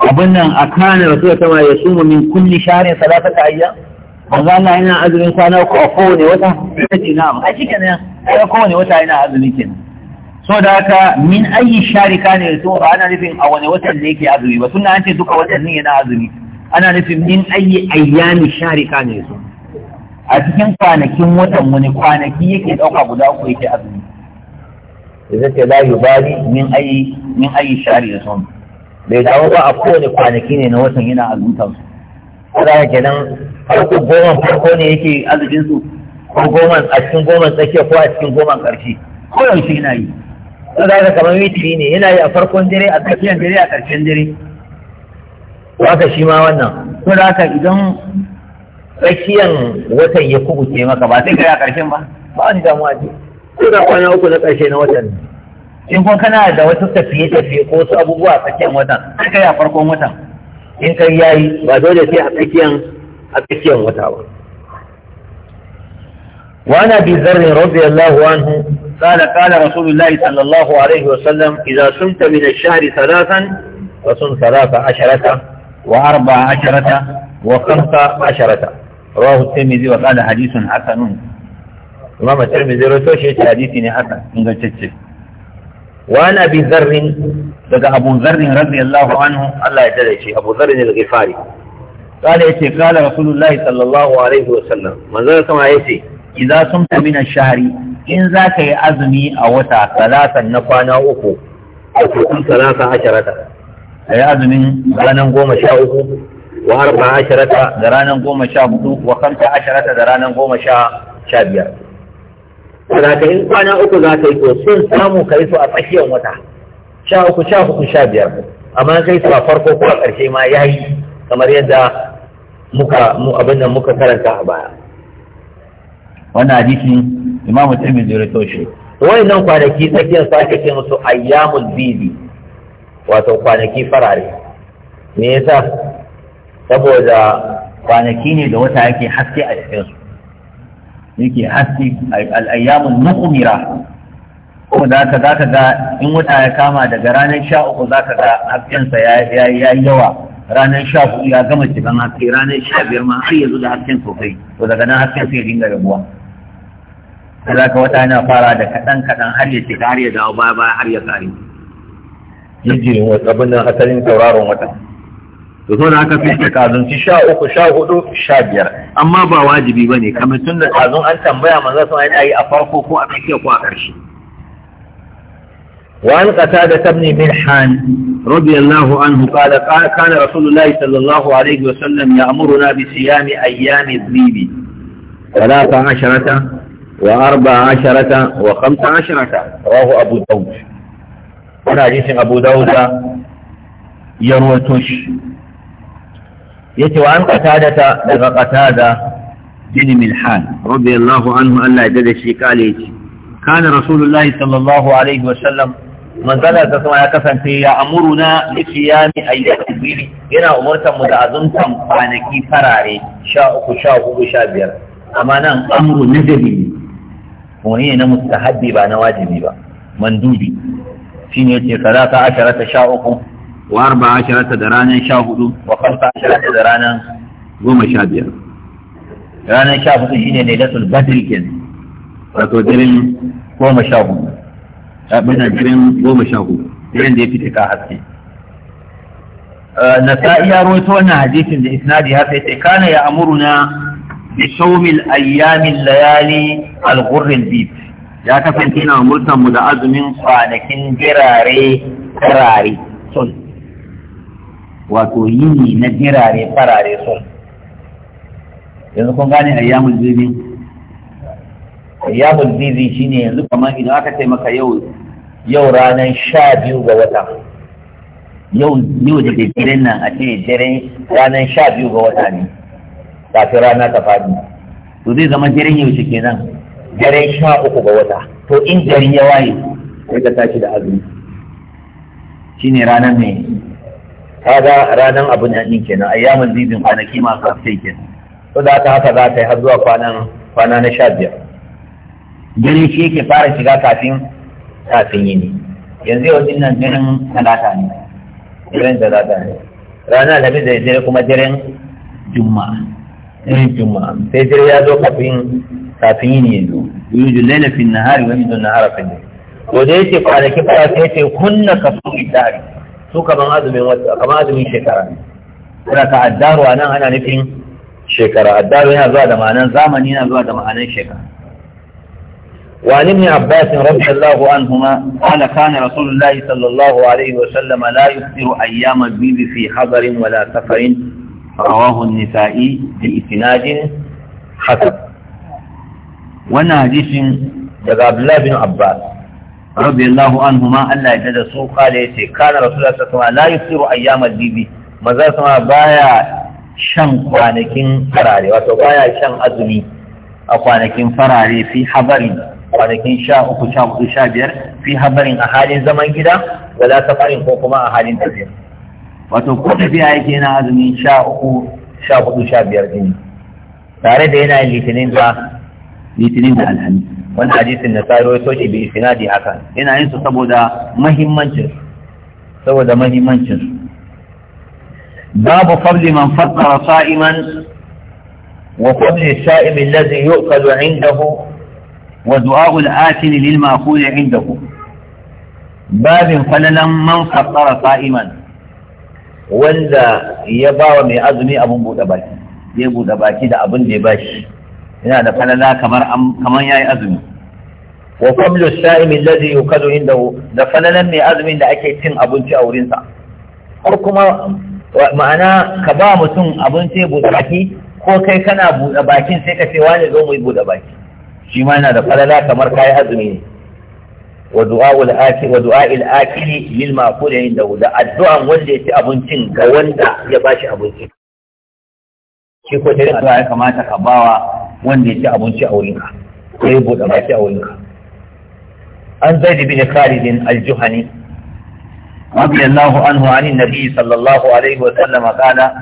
abin nan a kana da sama ya sumu min kulli sharin ta ayya manzo Allah yana azumin kwana ko a kowane wata ita ce na'am a cikin nan kowane wata yana azumi kenan so da haka min ayi sharika ne to ba ana nufin a wani watan ne yake azumi ba sunna an ce duka ne yana azumi ana nufin min ayi ayyami sharika ne so a cikin kwanakin watan wani kwanaki yake dauka guda uku yake azumi idan ce la yubali min ayi min ayi sharika so bai dawo ba a kowane kwanaki ne na watan yana azumta su kada ya kenan farko goma farko ne yake azumin su ko goma a cikin goma tsakiya ko a cikin goma karshe ko yaushe yana yi ta zaga kamar mitiri ne yana yi a farkon dare a tsakiyar dare a ƙarshen dare waka shi ma wannan ko da haka idan tsakiyar watan ya kubuce maka ba sai kai a ƙarshen ba ba wani damuwa ce ko da kwana uku na ƙarshe na watan in kuma kana da wasu tafiye-tafiye ko wasu abubuwa a tsakiyar watan sai kai a farkon watan in kai yayi ba dole sai a tsakiyar a tsakiyar wata ba وعن ابي ذر رضي الله عنه قال قال رسول الله صلى الله عليه وسلم إذا صمت من الشهر ثلاثا فصم ثلاث عشرة وأربع عشرة وخمس عشرة رواه الترمذي وقال حديث حسن إمام الترمذي رواه شيء حديث حسن من تتسف وعن أبي ذر لقى أبو ذر رضي الله عنه الله يتدعي شيء أبو ذر الغفاري قال يتي قال رسول الله صلى الله عليه وسلم من ذلك ما يتي إذا صمت من الشهر in za ka yi azumi a wata talatan na kwana uku a cikin talata asharata a yi azumin ranar goma sha uku wa arba asharata da ranar goma sha hudu wa kanta asharata da ranar goma sha biyar za ka yi kwana uku za ka yi to sun samu ka yi su a tsakiyar wata sha uku sha hudu sha biyar amma kai su a farko ko a ƙarshe ma ya yi kamar yadda muka abin da muka karanta a baya wannan hadisi imam tirmidhi ya rawaito shi nan kwanaki tsakiyar sa ake ce musu ayyamul bibi wato kwanaki farare me yasa saboda kwanaki ne da wata yake haske a cikin su yake haske al-ayyamul muqmira da ka zaka ga in wata ya kama daga ranar sha uku zaka ga hasken sa ya yi yawa ranar sha hudu ya gama cikin haske ranar sha biyar ma har yanzu da hasken sosai to daga nan hasken sai ya dinga rabuwa da za ka wata yana fara da kaɗan kaɗan har ya cika har ya dawo baya baya har ya tsari jijjirin wasu abin nan asalin tauraron wata to zo da aka fi ta kazunci sha uku sha hudu sha biyar amma ba wajibi ba ne kamar tun da kazun an tambaya manzo sun ayi a farko ko a tsakiya ko a ƙarshe وعن قتادة بن ملحان رضي الله عنه قال, قال كان رسول الله صلى الله عليه وسلم يأمرنا بصيام أيام الذيب ثلاث عشرة وأربع عشرة وخمس عشرة رواه أبو داود وانا حديث أبو داود يروتش يتوى عن قتادة لغا قتادة بن ملحان رضي الله عنه ألا يدد الشيكاليت كان رسول الله صلى الله عليه وسلم من ذلك تسمع يكفن في يأمرنا لقيام أيام البيل هنا أمرت مدعزن تنقانكي فراري شاء أخو شاء أخو شاء بير أما نعم أمر نزبي wani ne na mustahabbi ba na wajibi ba mandubi shine yace salata asharata sha uku wa arba asharata da ranar sha hudu wa kamsa asharata da ranar goma sha biyar ranar sha hudu shi ne latul badri kenan wato jirin goma sha hudu bada jirin goma sha hudu jirin da ya fita ka haske nasa'i ya rawaito wannan hadisin da isnadi haka ce kana ya amuruna بصوم الأيام الليالي الغر البيت يا كفن da azumin مدعز من صانكين جراري فراري صل وتويني نجراري فراري صل yanzu kun gane ayyamul zibi ayyamul zibi shine yanzu kamar idan aka ce maka yau yau ranar sha biyu ga wata yau yau da daren nan a ce daren ranar sha biyu ga wata ne kafin rana ta faɗi to zai zama daren yaushe kenan daren sha uku ga wata to in gari ya waye sai ka tashi da azumi shine ranar mai kaga ranar abu nan din kenan ayyamin zibin kwanaki masu hafsai kenan to da ta haka za ta yi har zuwa kwanan kwana na sha biyar dare shi yake fara shiga kafin kafin yini yanzu yau din nan daren talata ne za talata ne ranar alhamis da dare kuma daren juma'a ان جمعه فجر يا ذو يدو يوجد الليل في النهار ويوجد النهار في الليل وديتي قال كيف قال كيف كنا كفوق الدار سو كما هذا كما هذا شكرا انا كعدار وانا انا نفين شكرا الدار هنا زاد معنى زمني هنا زاد معنى شكرا وعن ابن عباس رضي الله عنهما قال كان رسول الله صلى الله عليه وسلم لا يكثر ايام الدين في حضر ولا سفر rawahu nisa'i bi isnadin hasan wannan hadisin daga abdullahi bin abbas radiyallahu anhuma Allah ya da su kala yace kana rasulullahi sallallahu alaihi wasallam la maza sama baya shan kwanakin farare wato baya shan azumi a kwanakin farare fi habarin kwanakin sha uku sha biyar a halin zaman gida wala safarin ko kuma a halin tafiya wato ko tafiya yake na azumi sha uku sha hudu sha biyar ɗin tare da yana litinin da litinin da alhamis wani hadisin na tsaro ya soke bi istinadi haka yana yin su saboda mahimmancin saboda mahimmancin babu fadli man fattara sa'iman wa fadli sa'im alladhi yu'kalu 'indahu wa du'a'u al-akil lil ma'kul 'indahu babin falalan man fattara sa'iman wanda ya ba wa mai azumi abin buɗe baki ya buɗe baki da abin da ya bashi yana da falala kamar kamar yayi azumi wa qablu saimi alladhi yukadu indahu da falalan mai azumin da ake cin abinci a wurinsa ko kuma ma'ana ka ba mutum abinci buɗe baki ko kai kana buɗe bakin sai ka ce wani zo mu yi buɗe baki shi ma yana da falala kamar kai azumi ne wa du'a akil wa akili lil inda da addu'an wanda ya ci abincin ga wanda ya bashi abincin shi ko da addu'a ya kamata ka bawa wanda ya ci abinci a wurinka sai buɗe baki a wurinka an zaid bin khalid al-juhani رضي الله عنه عن النبي صلى الله عليه وسلم man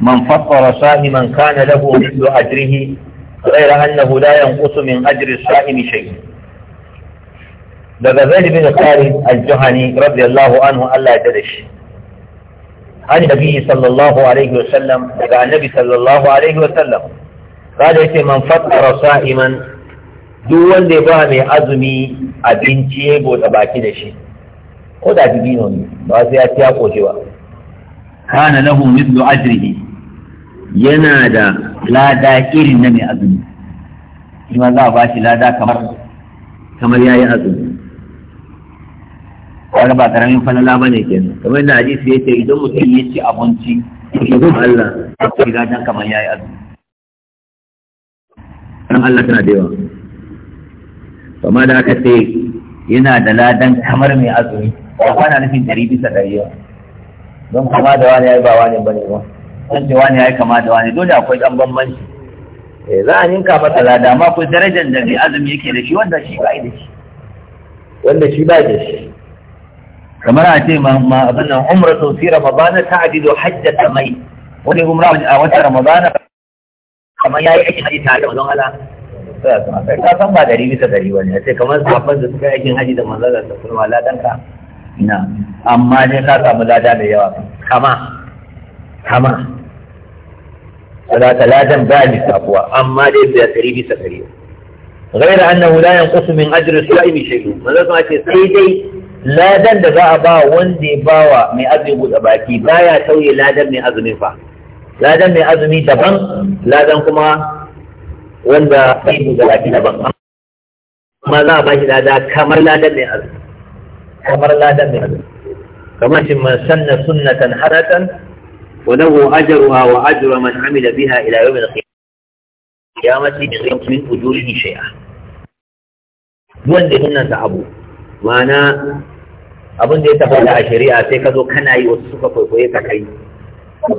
من فطر صائما كان له مثل غير أنه لا ينقص من أجر الصائم daga zaid bin thabit al-juhani radiyallahu anhu Allah ya shi an nabi sallallahu alaihi wasallam daga annabi sallallahu alaihi wasallam kada yace man fattara sa'iman duk wanda ya ba mai azumi abinci ya gota baki da shi ko da dibino ne ba sai ya ci ya koshi ba kana lahu mithlu ajrihi yana da lada irin na mai azumi shi za a bashi lada kamar kamar yayi azumi wani ba karamin falala ba ne kenan kamar yadda hadisi ya ce idan mutum ya ci abinci ya zo Allah ya ci gadan kamar yayi azumi dan Allah tana da yawa kuma da aka ce yana da ladan kamar mai azumi ba kwana nufin ɗari bisa ɗari yawa don kama da wani ya yi ba wani ba ne ba don ce wani ya yi kama da wani dole akwai ɗan bambanci eh, za a ninka masa lada amma akwai darajar da mai azumi yake da shi wanda shi ba da shi wanda shi ba da shi kamar a ce ma abin nan umra sau fi ramadana ta ajizo hajjata mai wani umra a wata ramadana kamar ya yi aikin haji tare da mazan ala sai ka san ba dari bisa dari wani sai kamar sabon da suka yi aikin haji da manzan da ta kuma ka ina amma ne ka samu lada da yawa kama kama salata ladan ba ni sabuwa amma dai da dari bisa dari غير أنه لا ينقص من أجر الصائم شيء ماذا ما تسيدي ladan da za a ba wanda ya bawa mai azumi buɗe baki ba ya tauye ladan mai azumi fa ladan mai azumi daban ladan kuma wanda bai buɗe baki daban amma za a ba shi lada kamar ladan mai azumi kamar ladan mai azumi kamar shi man sanna sunnatan haratan wa lahu ajruha wa ajru man amila biha ila yawm al-qiyamah qiyamati min ujurihi shay'a wanda ya sa abu ma'ana abin da ya da a shari'a sai ka zo kana yi wasu suka kwaikwaye ka kai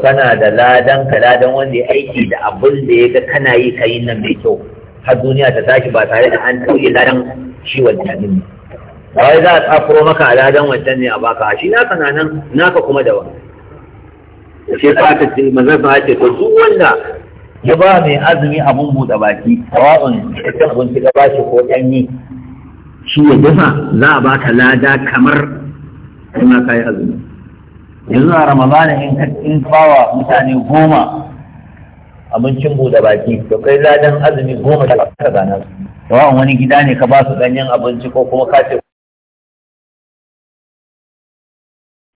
kana da ladan ka ladan wanda ya aiki da abin da ya ga kana yi ka yi nan mai kyau har duniya ta tashi ba tare da an tauye ladan shi wancan ne ba wai za a tsakuro maka a ladan wancan ne a baka shi naka na nan naka kuma da wa ba ta ce manzon sa ce to duk wanda ya ba mai azumi abun buɗe baki sawa'un cikin abinci ba shi ko ɗanyi shi ya dafa za a baka lada kamar kai ma kayi azumi yanzu a ramadana in ka in bawa mutane goma abincin buɗe baki to kai ladan azumi goma da ka gana yawan wani gida ne ka ba su ganyen abinci ko kuma ka ce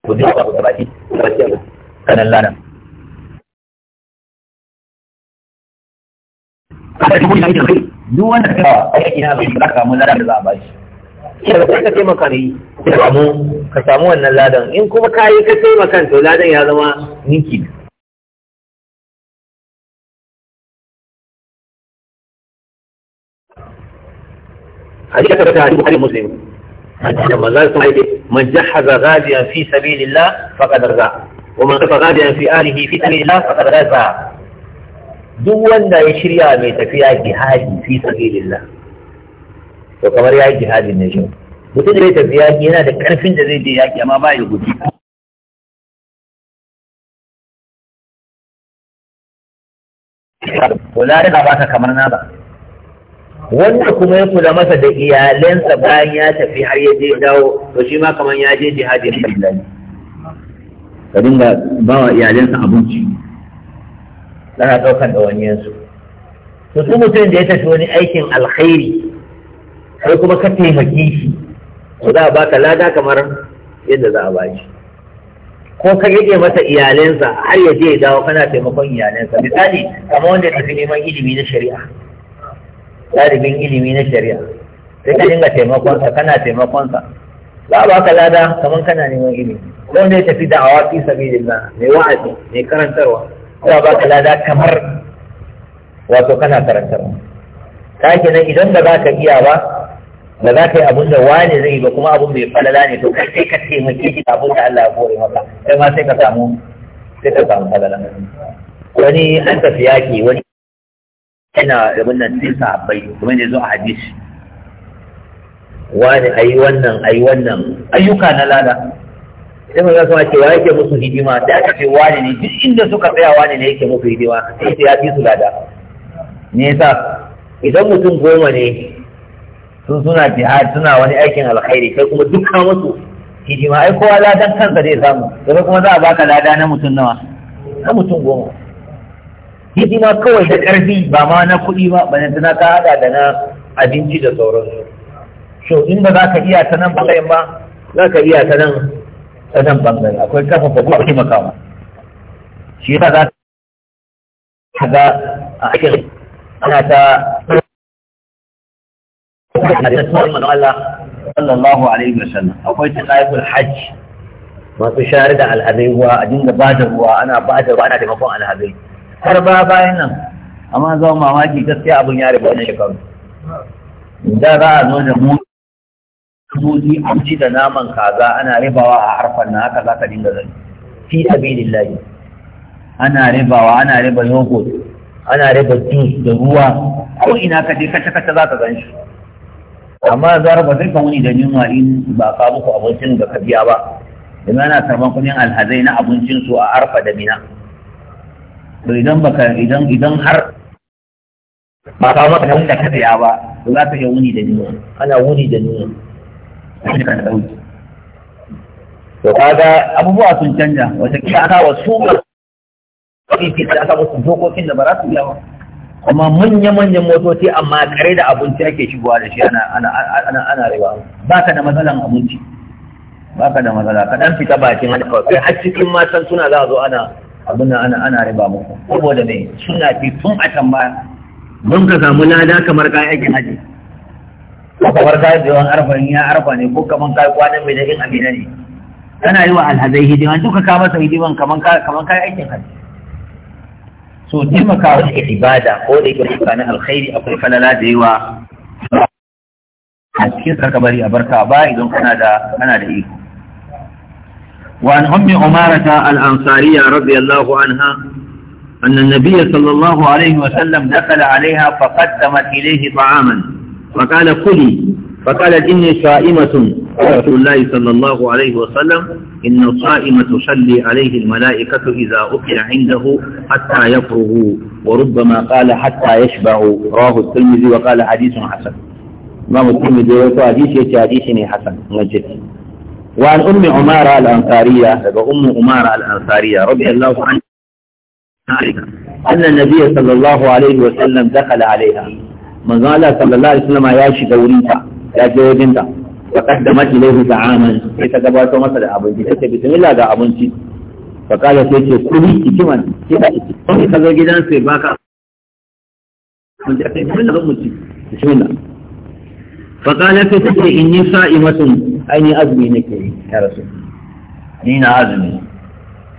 ku je ku da baki kanan ladan duk wanda ka kawo a yaki na zai ka samu ladan da za a ba shi. Shi da ka taimaka ne, ka samu ka samu wannan ladan in kuma ka yi ka taimakan to ladan ya zama ninki hadisi ka ta hadisi muslim hadisi manzo sun aike man jahaza ghadiyan fi sabilillah faqad raza wa man kafa ghadiyan fi alihi fi sabilillah faqad raza duk wanda ya shirya mai tafiya jihadi fi sabilillah to kamar ya yi jihadin ne shi mutum da ya tafi yaƙi yana da ƙarfin da zai je yaƙi amma ba ya guji kula da ba ka kamar na ba wanda kuma ya kula masa da iyalansa bayan ya tafi har ya je dawo to shi ma kamar ya je jihadi ne billahi ka dinga ba wa iyalansa abinci ana ɗaukar da wani to su mutum da ya tafi wani aikin alkhairi sai kuma ka taimake shi to za a baka lada kamar yadda za a baki ko ka rike masa iyalensa har ya je ya dawo kana taimakon iyalensa misali kamar wanda tafi neman ilimi na shari'a ɗalibin ilimi na shari'a sai ka dinga taimakonsa kana taimakonsa za a baka lada kamar kana neman ilimi ko wanda ya tafi da awa fi sabilillah mai wa'azi mai karantarwa za a baka lada kamar wato kana karantarwa ka nan idan da za ka iya ba ba za ka yi abin da wani zai ba kuma abin bai falala ne to kai sai ka taimake shi abin da Allah ya kore maka sai ma sai ka samu sai ka samu falala wani an tafi yaki wani yana da nan sai bai kuma ne zo a hadisi wani ayi wannan ayi wannan ayyuka na lada sai mun zama ce wani yake musu hidima sai aka ce wani ne duk inda suka tsaya wani ne yake musu hidima sai ya fi su lada me yasa idan mutum goma ne sun suna jihad suna wani aikin alkhairi kai kuma dukkan wasu hidima ai kowa ladan kansa zai samu sai kuma za a baka lada na mutum nawa na mutum goma hidima kawai da ƙarfi ba ma na kuɗi ba ba na ka haɗa da na abinci da sauran su. so in ba za ka iya ta nan bangaren ba za ka iya ta nan ta nan bangaren akwai kafa ko taimakawa shi yasa za ka ga a ake ana ta da tattuwar manzo sallallahu alaihi wasallam akwai tsayiful hajj masu share da alhazai ruwa a dinga ba da ruwa ana ba da ruwa ana taimakon alhazai har ba bayan nan amma zama mamaki gaskiya abin ya riba wannan shekaru da za a zo da mu sojoji abinci da naman kaza ana ribawa a harfan na haka za ka dinga zani fi sabilillahi ana ribawa ana riba yogurt ana riba juice da ruwa ko ina ka je kace kace za ka gan shi amma zara ba zai kan wani da yunwa in ba ka muku abincin da ka biya ba Idan ana karban kudin alhazai na abincinsu a arfa da mina to idan baka idan idan har ba ka maka da wanda ka biya ba to za ka iya wuni da yunwa ana wuni da yunwa to kaga abubuwa sun canja wata kila aka wasu ba fi da aka musu dokokin da ba za su biya ba amma manya-manyan motoci amma kare da abinci ake shigowa da shi ana ana ana ana rewa ba ka da matsalan abinci ba ka da matsala ka dan fita bakin hali Ko har cikin matan suna za zo ana abin ana ana riba muku saboda ne suna fi tun a can ba Mun ka samu lada kamar kayan aikin haji kamar kayan da yawan arfa ya arfa ne ko kamar kayan kwanan mai da in amina ne kana yi wa alhazai hidima duka ka masa hidiman kamar kayan aikin haji so taimakawa da ibada ko da yake rufa na alkhairi akwai falala da yawa a cikin sarkabari a barka ba idan kana da kana da iko وعن ummi umarata الأنصارية رضي الله عنها أن النبي صلى الله عليه وسلم دخل عليها فقدمت إليه طعاما فقال كلي فقالت إني صائمة رسول الله صلى الله عليه وسلم إن الصائم تصلي عليه الملائكة إذا أكل عنده حتى يفرغوا وربما قال حتى يشبعوا راه الترمذي وقال حديث حسن إمام الترمذي يقول حديث حديث حسن مجد وعن أم عمارة الأنصارية وأم عمارة الأنصارية رضي الله عنها أن النبي صلى الله عليه وسلم دخل عليها من قال صلى الله عليه وسلم يا شدوريتا ya je wajen ta fa qaddamat sai ta gabato masa da abinci ta ce bismillah ga abinci fa kala sai ce kuli ikiman sai ka zo gidan sai baka bismillah bismillah fa sai ta ce inni sa'imatun aini nake ya rasul ni na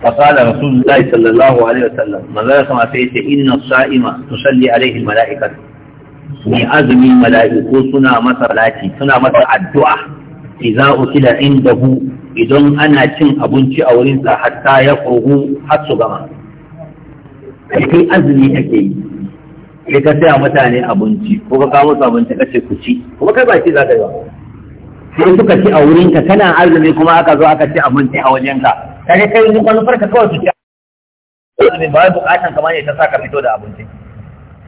فقال رسول الله صلى الله عليه وسلم ماذا كما سيئت إن الصائمة تصلي عليه الملائكة mai azumi mala'iku suna masa lati suna masa addu'a idza ukila indahu idan ana cin abinci a wurin sa hatta ya kuhu har su gama kai azumi take yi sai ka saya mutane abinci ko ka kawo musu abinci kace ku ci kuma kai ba ci za ka yi ba sai suka ci a wurin ka kana azumi kuma aka zo aka ci abinci a wajen ka kai kai ni kwanfar ka kawai su ci azumi ba bukatan kamar ne ta saka fito da abinci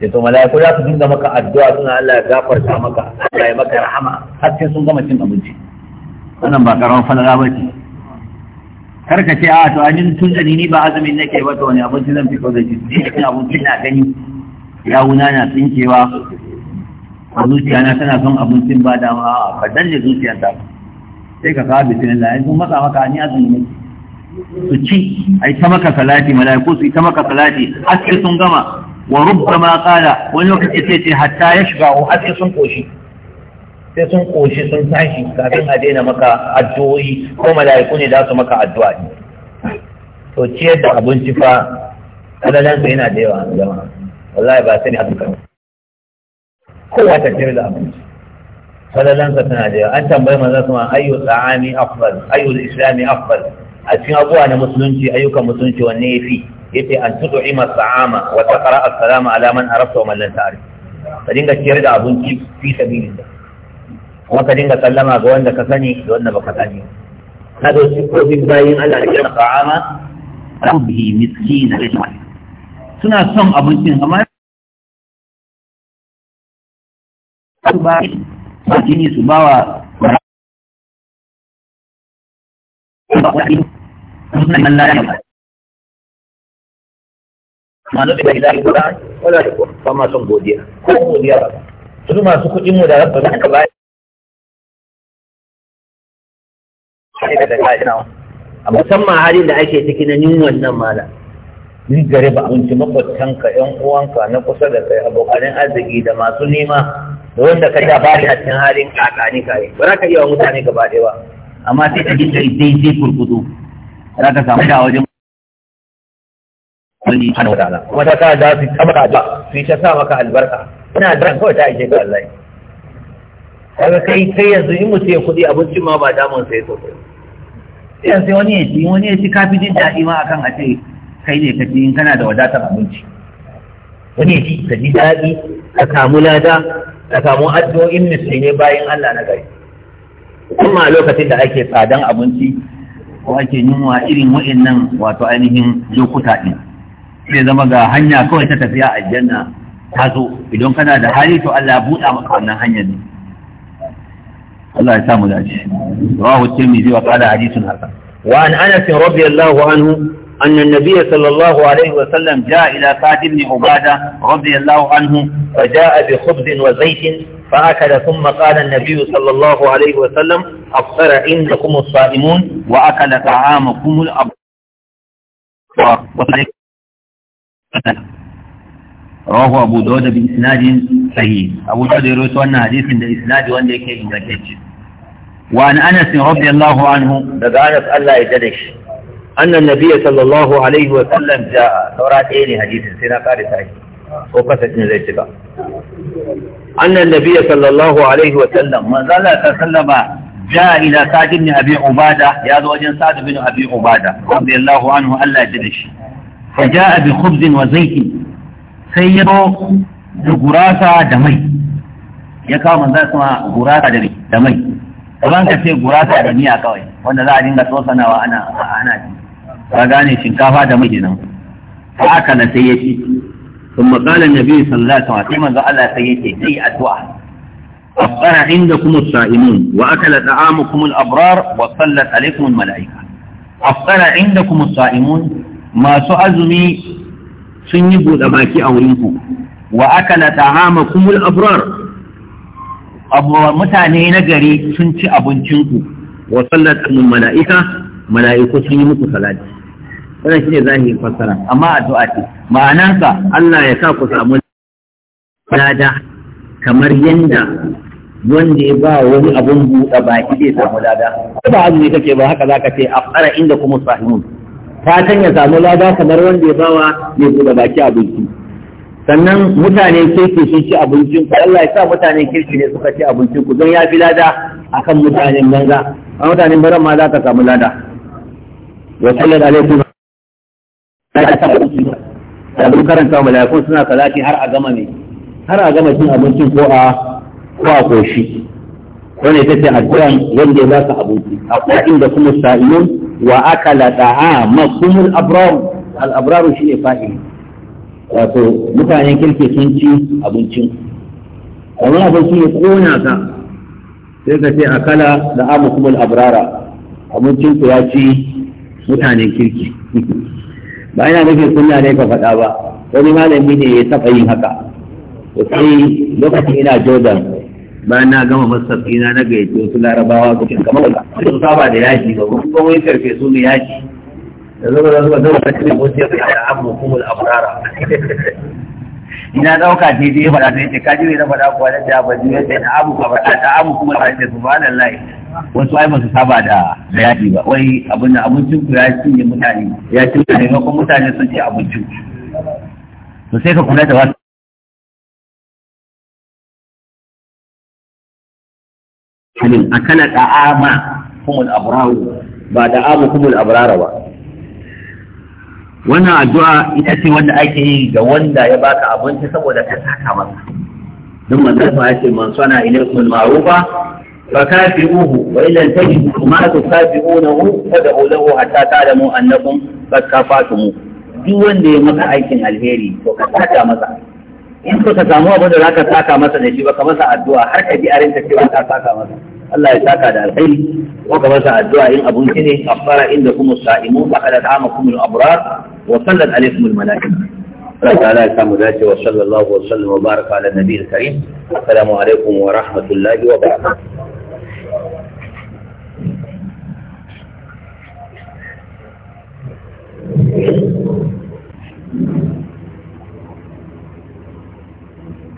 sai to mala'iku za su dinga maka addu'a suna Allah ya gafarta maka Allah ya maka rahama har sai sun gama cin abinci wannan ba karamin falala ba ce kar ka ce a to an tun da ni ba azumin nake ba to wani abinci zan fito da shi ne cin abinci na gani wuna na tsinkewa zuciya na tana son abincin ba dama ka danne zuciya ta sai ka kawo bisin Allah sun matsa maka ni azumi ne su ci a yi ta maka salati mala'iku su yi ta maka salati Haske sun gama wa ma qala wani lokaci sai ce hatta yashba'u har sun koshi sai sun koshi sun tashi kafin a daina maka addu'o'i ko mala'iku ne za su maka addu'a to ciyar da abinci fa kadalansa yana da yawa jama'a wallahi ba sani haka kan kowa ta ciyar da abinci kadalansa tana da yawa an tambayi manzo kuma ayyu ta'ami afdal ayyu islami afdal a cikin abuwa na musulunci ayyukan musulunci wanne yafi yace an tud'ima sa'ama wa taqra as-salama ala man arafta wa man lam ta'rif ka dinga ciyar da abinci fi sabilillah kuma ka dinga sallama ga wanda ka sani da wanda baka sani ka da sifofin bayin Allah da kira ta'ama rabbi miskina suna son abincin amma su ba ba jini su ba wa ba wa ba ma nufi da ilahi guda wala da kuma ba ma son godiya ko godiya ba su masu kuɗin mu da rabba za ka bayar a musamman halin da ake ciki na nin wannan mala ni gare ba abinci tanka yan uwanka na kusa da kai abokan arziki da masu nema da wanda ka da bari a cikin halin kakani kai ba za ka iya wa mutane gaba ɗaya ba amma sai ka ji daidai kurkudu za ka samu da wajen Allah subhanahu wa ta'ala kuma ta ka da su tabaka da su ta sa maka albarka ina daren kawai ta aike ka Allah kaga kai kai yanzu in mutum ya kuɗi abincin ma ba damun sai sosai yanzu wani ya ci wani ya ci kafi jin daɗi ma akan a ce kai ne ka ci in kana da wadatar abinci wani ya ci ka ji daɗi ka kamu lada ka kamu addu'o'in musulmi bayan Allah na gari kuma a lokacin da ake tsadan abinci ko ake yunwa irin wa'in nan wato ainihin lokuta ɗin zai zama ga hanya kawai ta tafiya aljanna ta zo idan kana da hali to Allah ya buɗa maka wannan hanyar ne Allah ya sa mu dace rawahu tirmidhi wa qala hadithun hasan wa an anas radiyallahu anhu أن النبي صلى الله عليه وسلم جاء إلى سعد بن عبادة رضي الله عنه فجاء بخبز وزيت فأكل ثم قال النبي صلى الله عليه وسلم أفطر إنكم الصائمون وأكل طعامكم rawahu abu dawud bi isnadin sahih abu dawud ya rawaito wannan hadisin da isnadi wanda yake ingantacce wa an anas radiyallahu anhu daga anas Allah ya dade shi annan nabiyyi sallallahu alaihi wa sallam jaa saura ɗaya ne hadisin sai na kare sai ko kasa kasashen zai cika annan nabiyyi sallallahu alaihi wa sallam manzo Allah ta sallama jaa ila sa'd ibn abi ubada ya zo wajen sa'd ibn abi ubada radiyallahu anhu Allah ya dade shi fa ja'a bi khubzin wa zaitin sai ya zo da gurasa da mai ya kawo manzo kuma gurasa da mai kaman ce gurasa da miya kawai wanda za a dinga tsosanawa ana ana shinkafa da mai sai ya ci ثم قال النبي صلى الله عليه وسلم كما قال الله سيئتي سيئة أدواء أفقر عندكم الصائمون وأكل طعامكم الأبرار وصلت عليكم الملائكة أفقر عندكم الصائمون masu azumi sun yi buɗe baki a wurinku wa aka na tahama kumul abrar mutane na gari sun ci abincinku wa sallatun mala'ika mala'iku sun yi muku salati wannan shine zahirin fassara amma addu'a ce ma'anarsa Allah ya sa ku samu lada kamar yanda wanda ya ba wani abun buɗe baki zai samu lada ba azumi kake ba haka zaka ce a inda kuma sahihun fatan ya samu lada kamar wanda ya bawa mai buɗe baki abinci sannan mutane kirki sun ci abincin ku Allah ya sa mutane kirki ne suka ci abincin ku don ya fi lada akan mutanen banza a mutanen banza ma za ka samu lada wa sallallahu alaihi wa sallam abin karanta malakun suna salati har a gama ne har a gama cin abincin ko a ko a koshi wanda ita ce addu'an wanda ya ka abinci a inda kuma sa'ilun wa akala ta'amakum al abram al shi ne fa’i wato mutanen kirki sun ci abincin wani abinci ya kona ka sai ka ce akala da abu kumul abrara abincin ku ya ci mutanen kirki ba ina nufin sunna ne ka faɗa ba wani malami ne ya taɓa yin haka sai lokacin ina jordan bayan na gama masafi na na gayyace wasu larabawa ga kin kamar wanda su saba da yaji ba kuma wani karfe su ne yaji da zuba da zuba zuba ne wasu ce da abu kuma al-abrara ina dauka ce dai fada sai ce kaji ne na fada kuwa da ta ba ne sai ta abu kuma fada ta abu kuma sai ce subhanallahi wasu ai masu saba da yaji ba wai abin da abincin ku ya cinye mutane ya cinye ne kuma mutane sun ce abincin Su sai ka kula da wasu A akala da'ama kumul abraru ba da'amu humul abrara ba wannan addu'a ita ce wanda ake yi ga wanda ya baka abinci saboda ka saka masa don manzon ya ce man sana ilaykum ma'rufa fa kafi'uhu wa illan tajidu ma tukafi'unahu fad'u lahu hatta ta'lamu annakum qad kafatumu duk wanda ya maka aikin alheri to ka saka masa in ka samu abin da zaka saka masa da shi ba ka masa addu'a har ka ji arinta cewa ka saka masa الله يساك على الخير وكما سعى الدعاء إن أبن كنه أفطر إنكم الصائمون وقلت عامكم الأبرار وصلت عليكم الملائكة رب تعالى يسام ذاته وصلى الله وسلم وبارك على النبي الكريم السلام عليكم ورحمة الله وبركاته Thank you.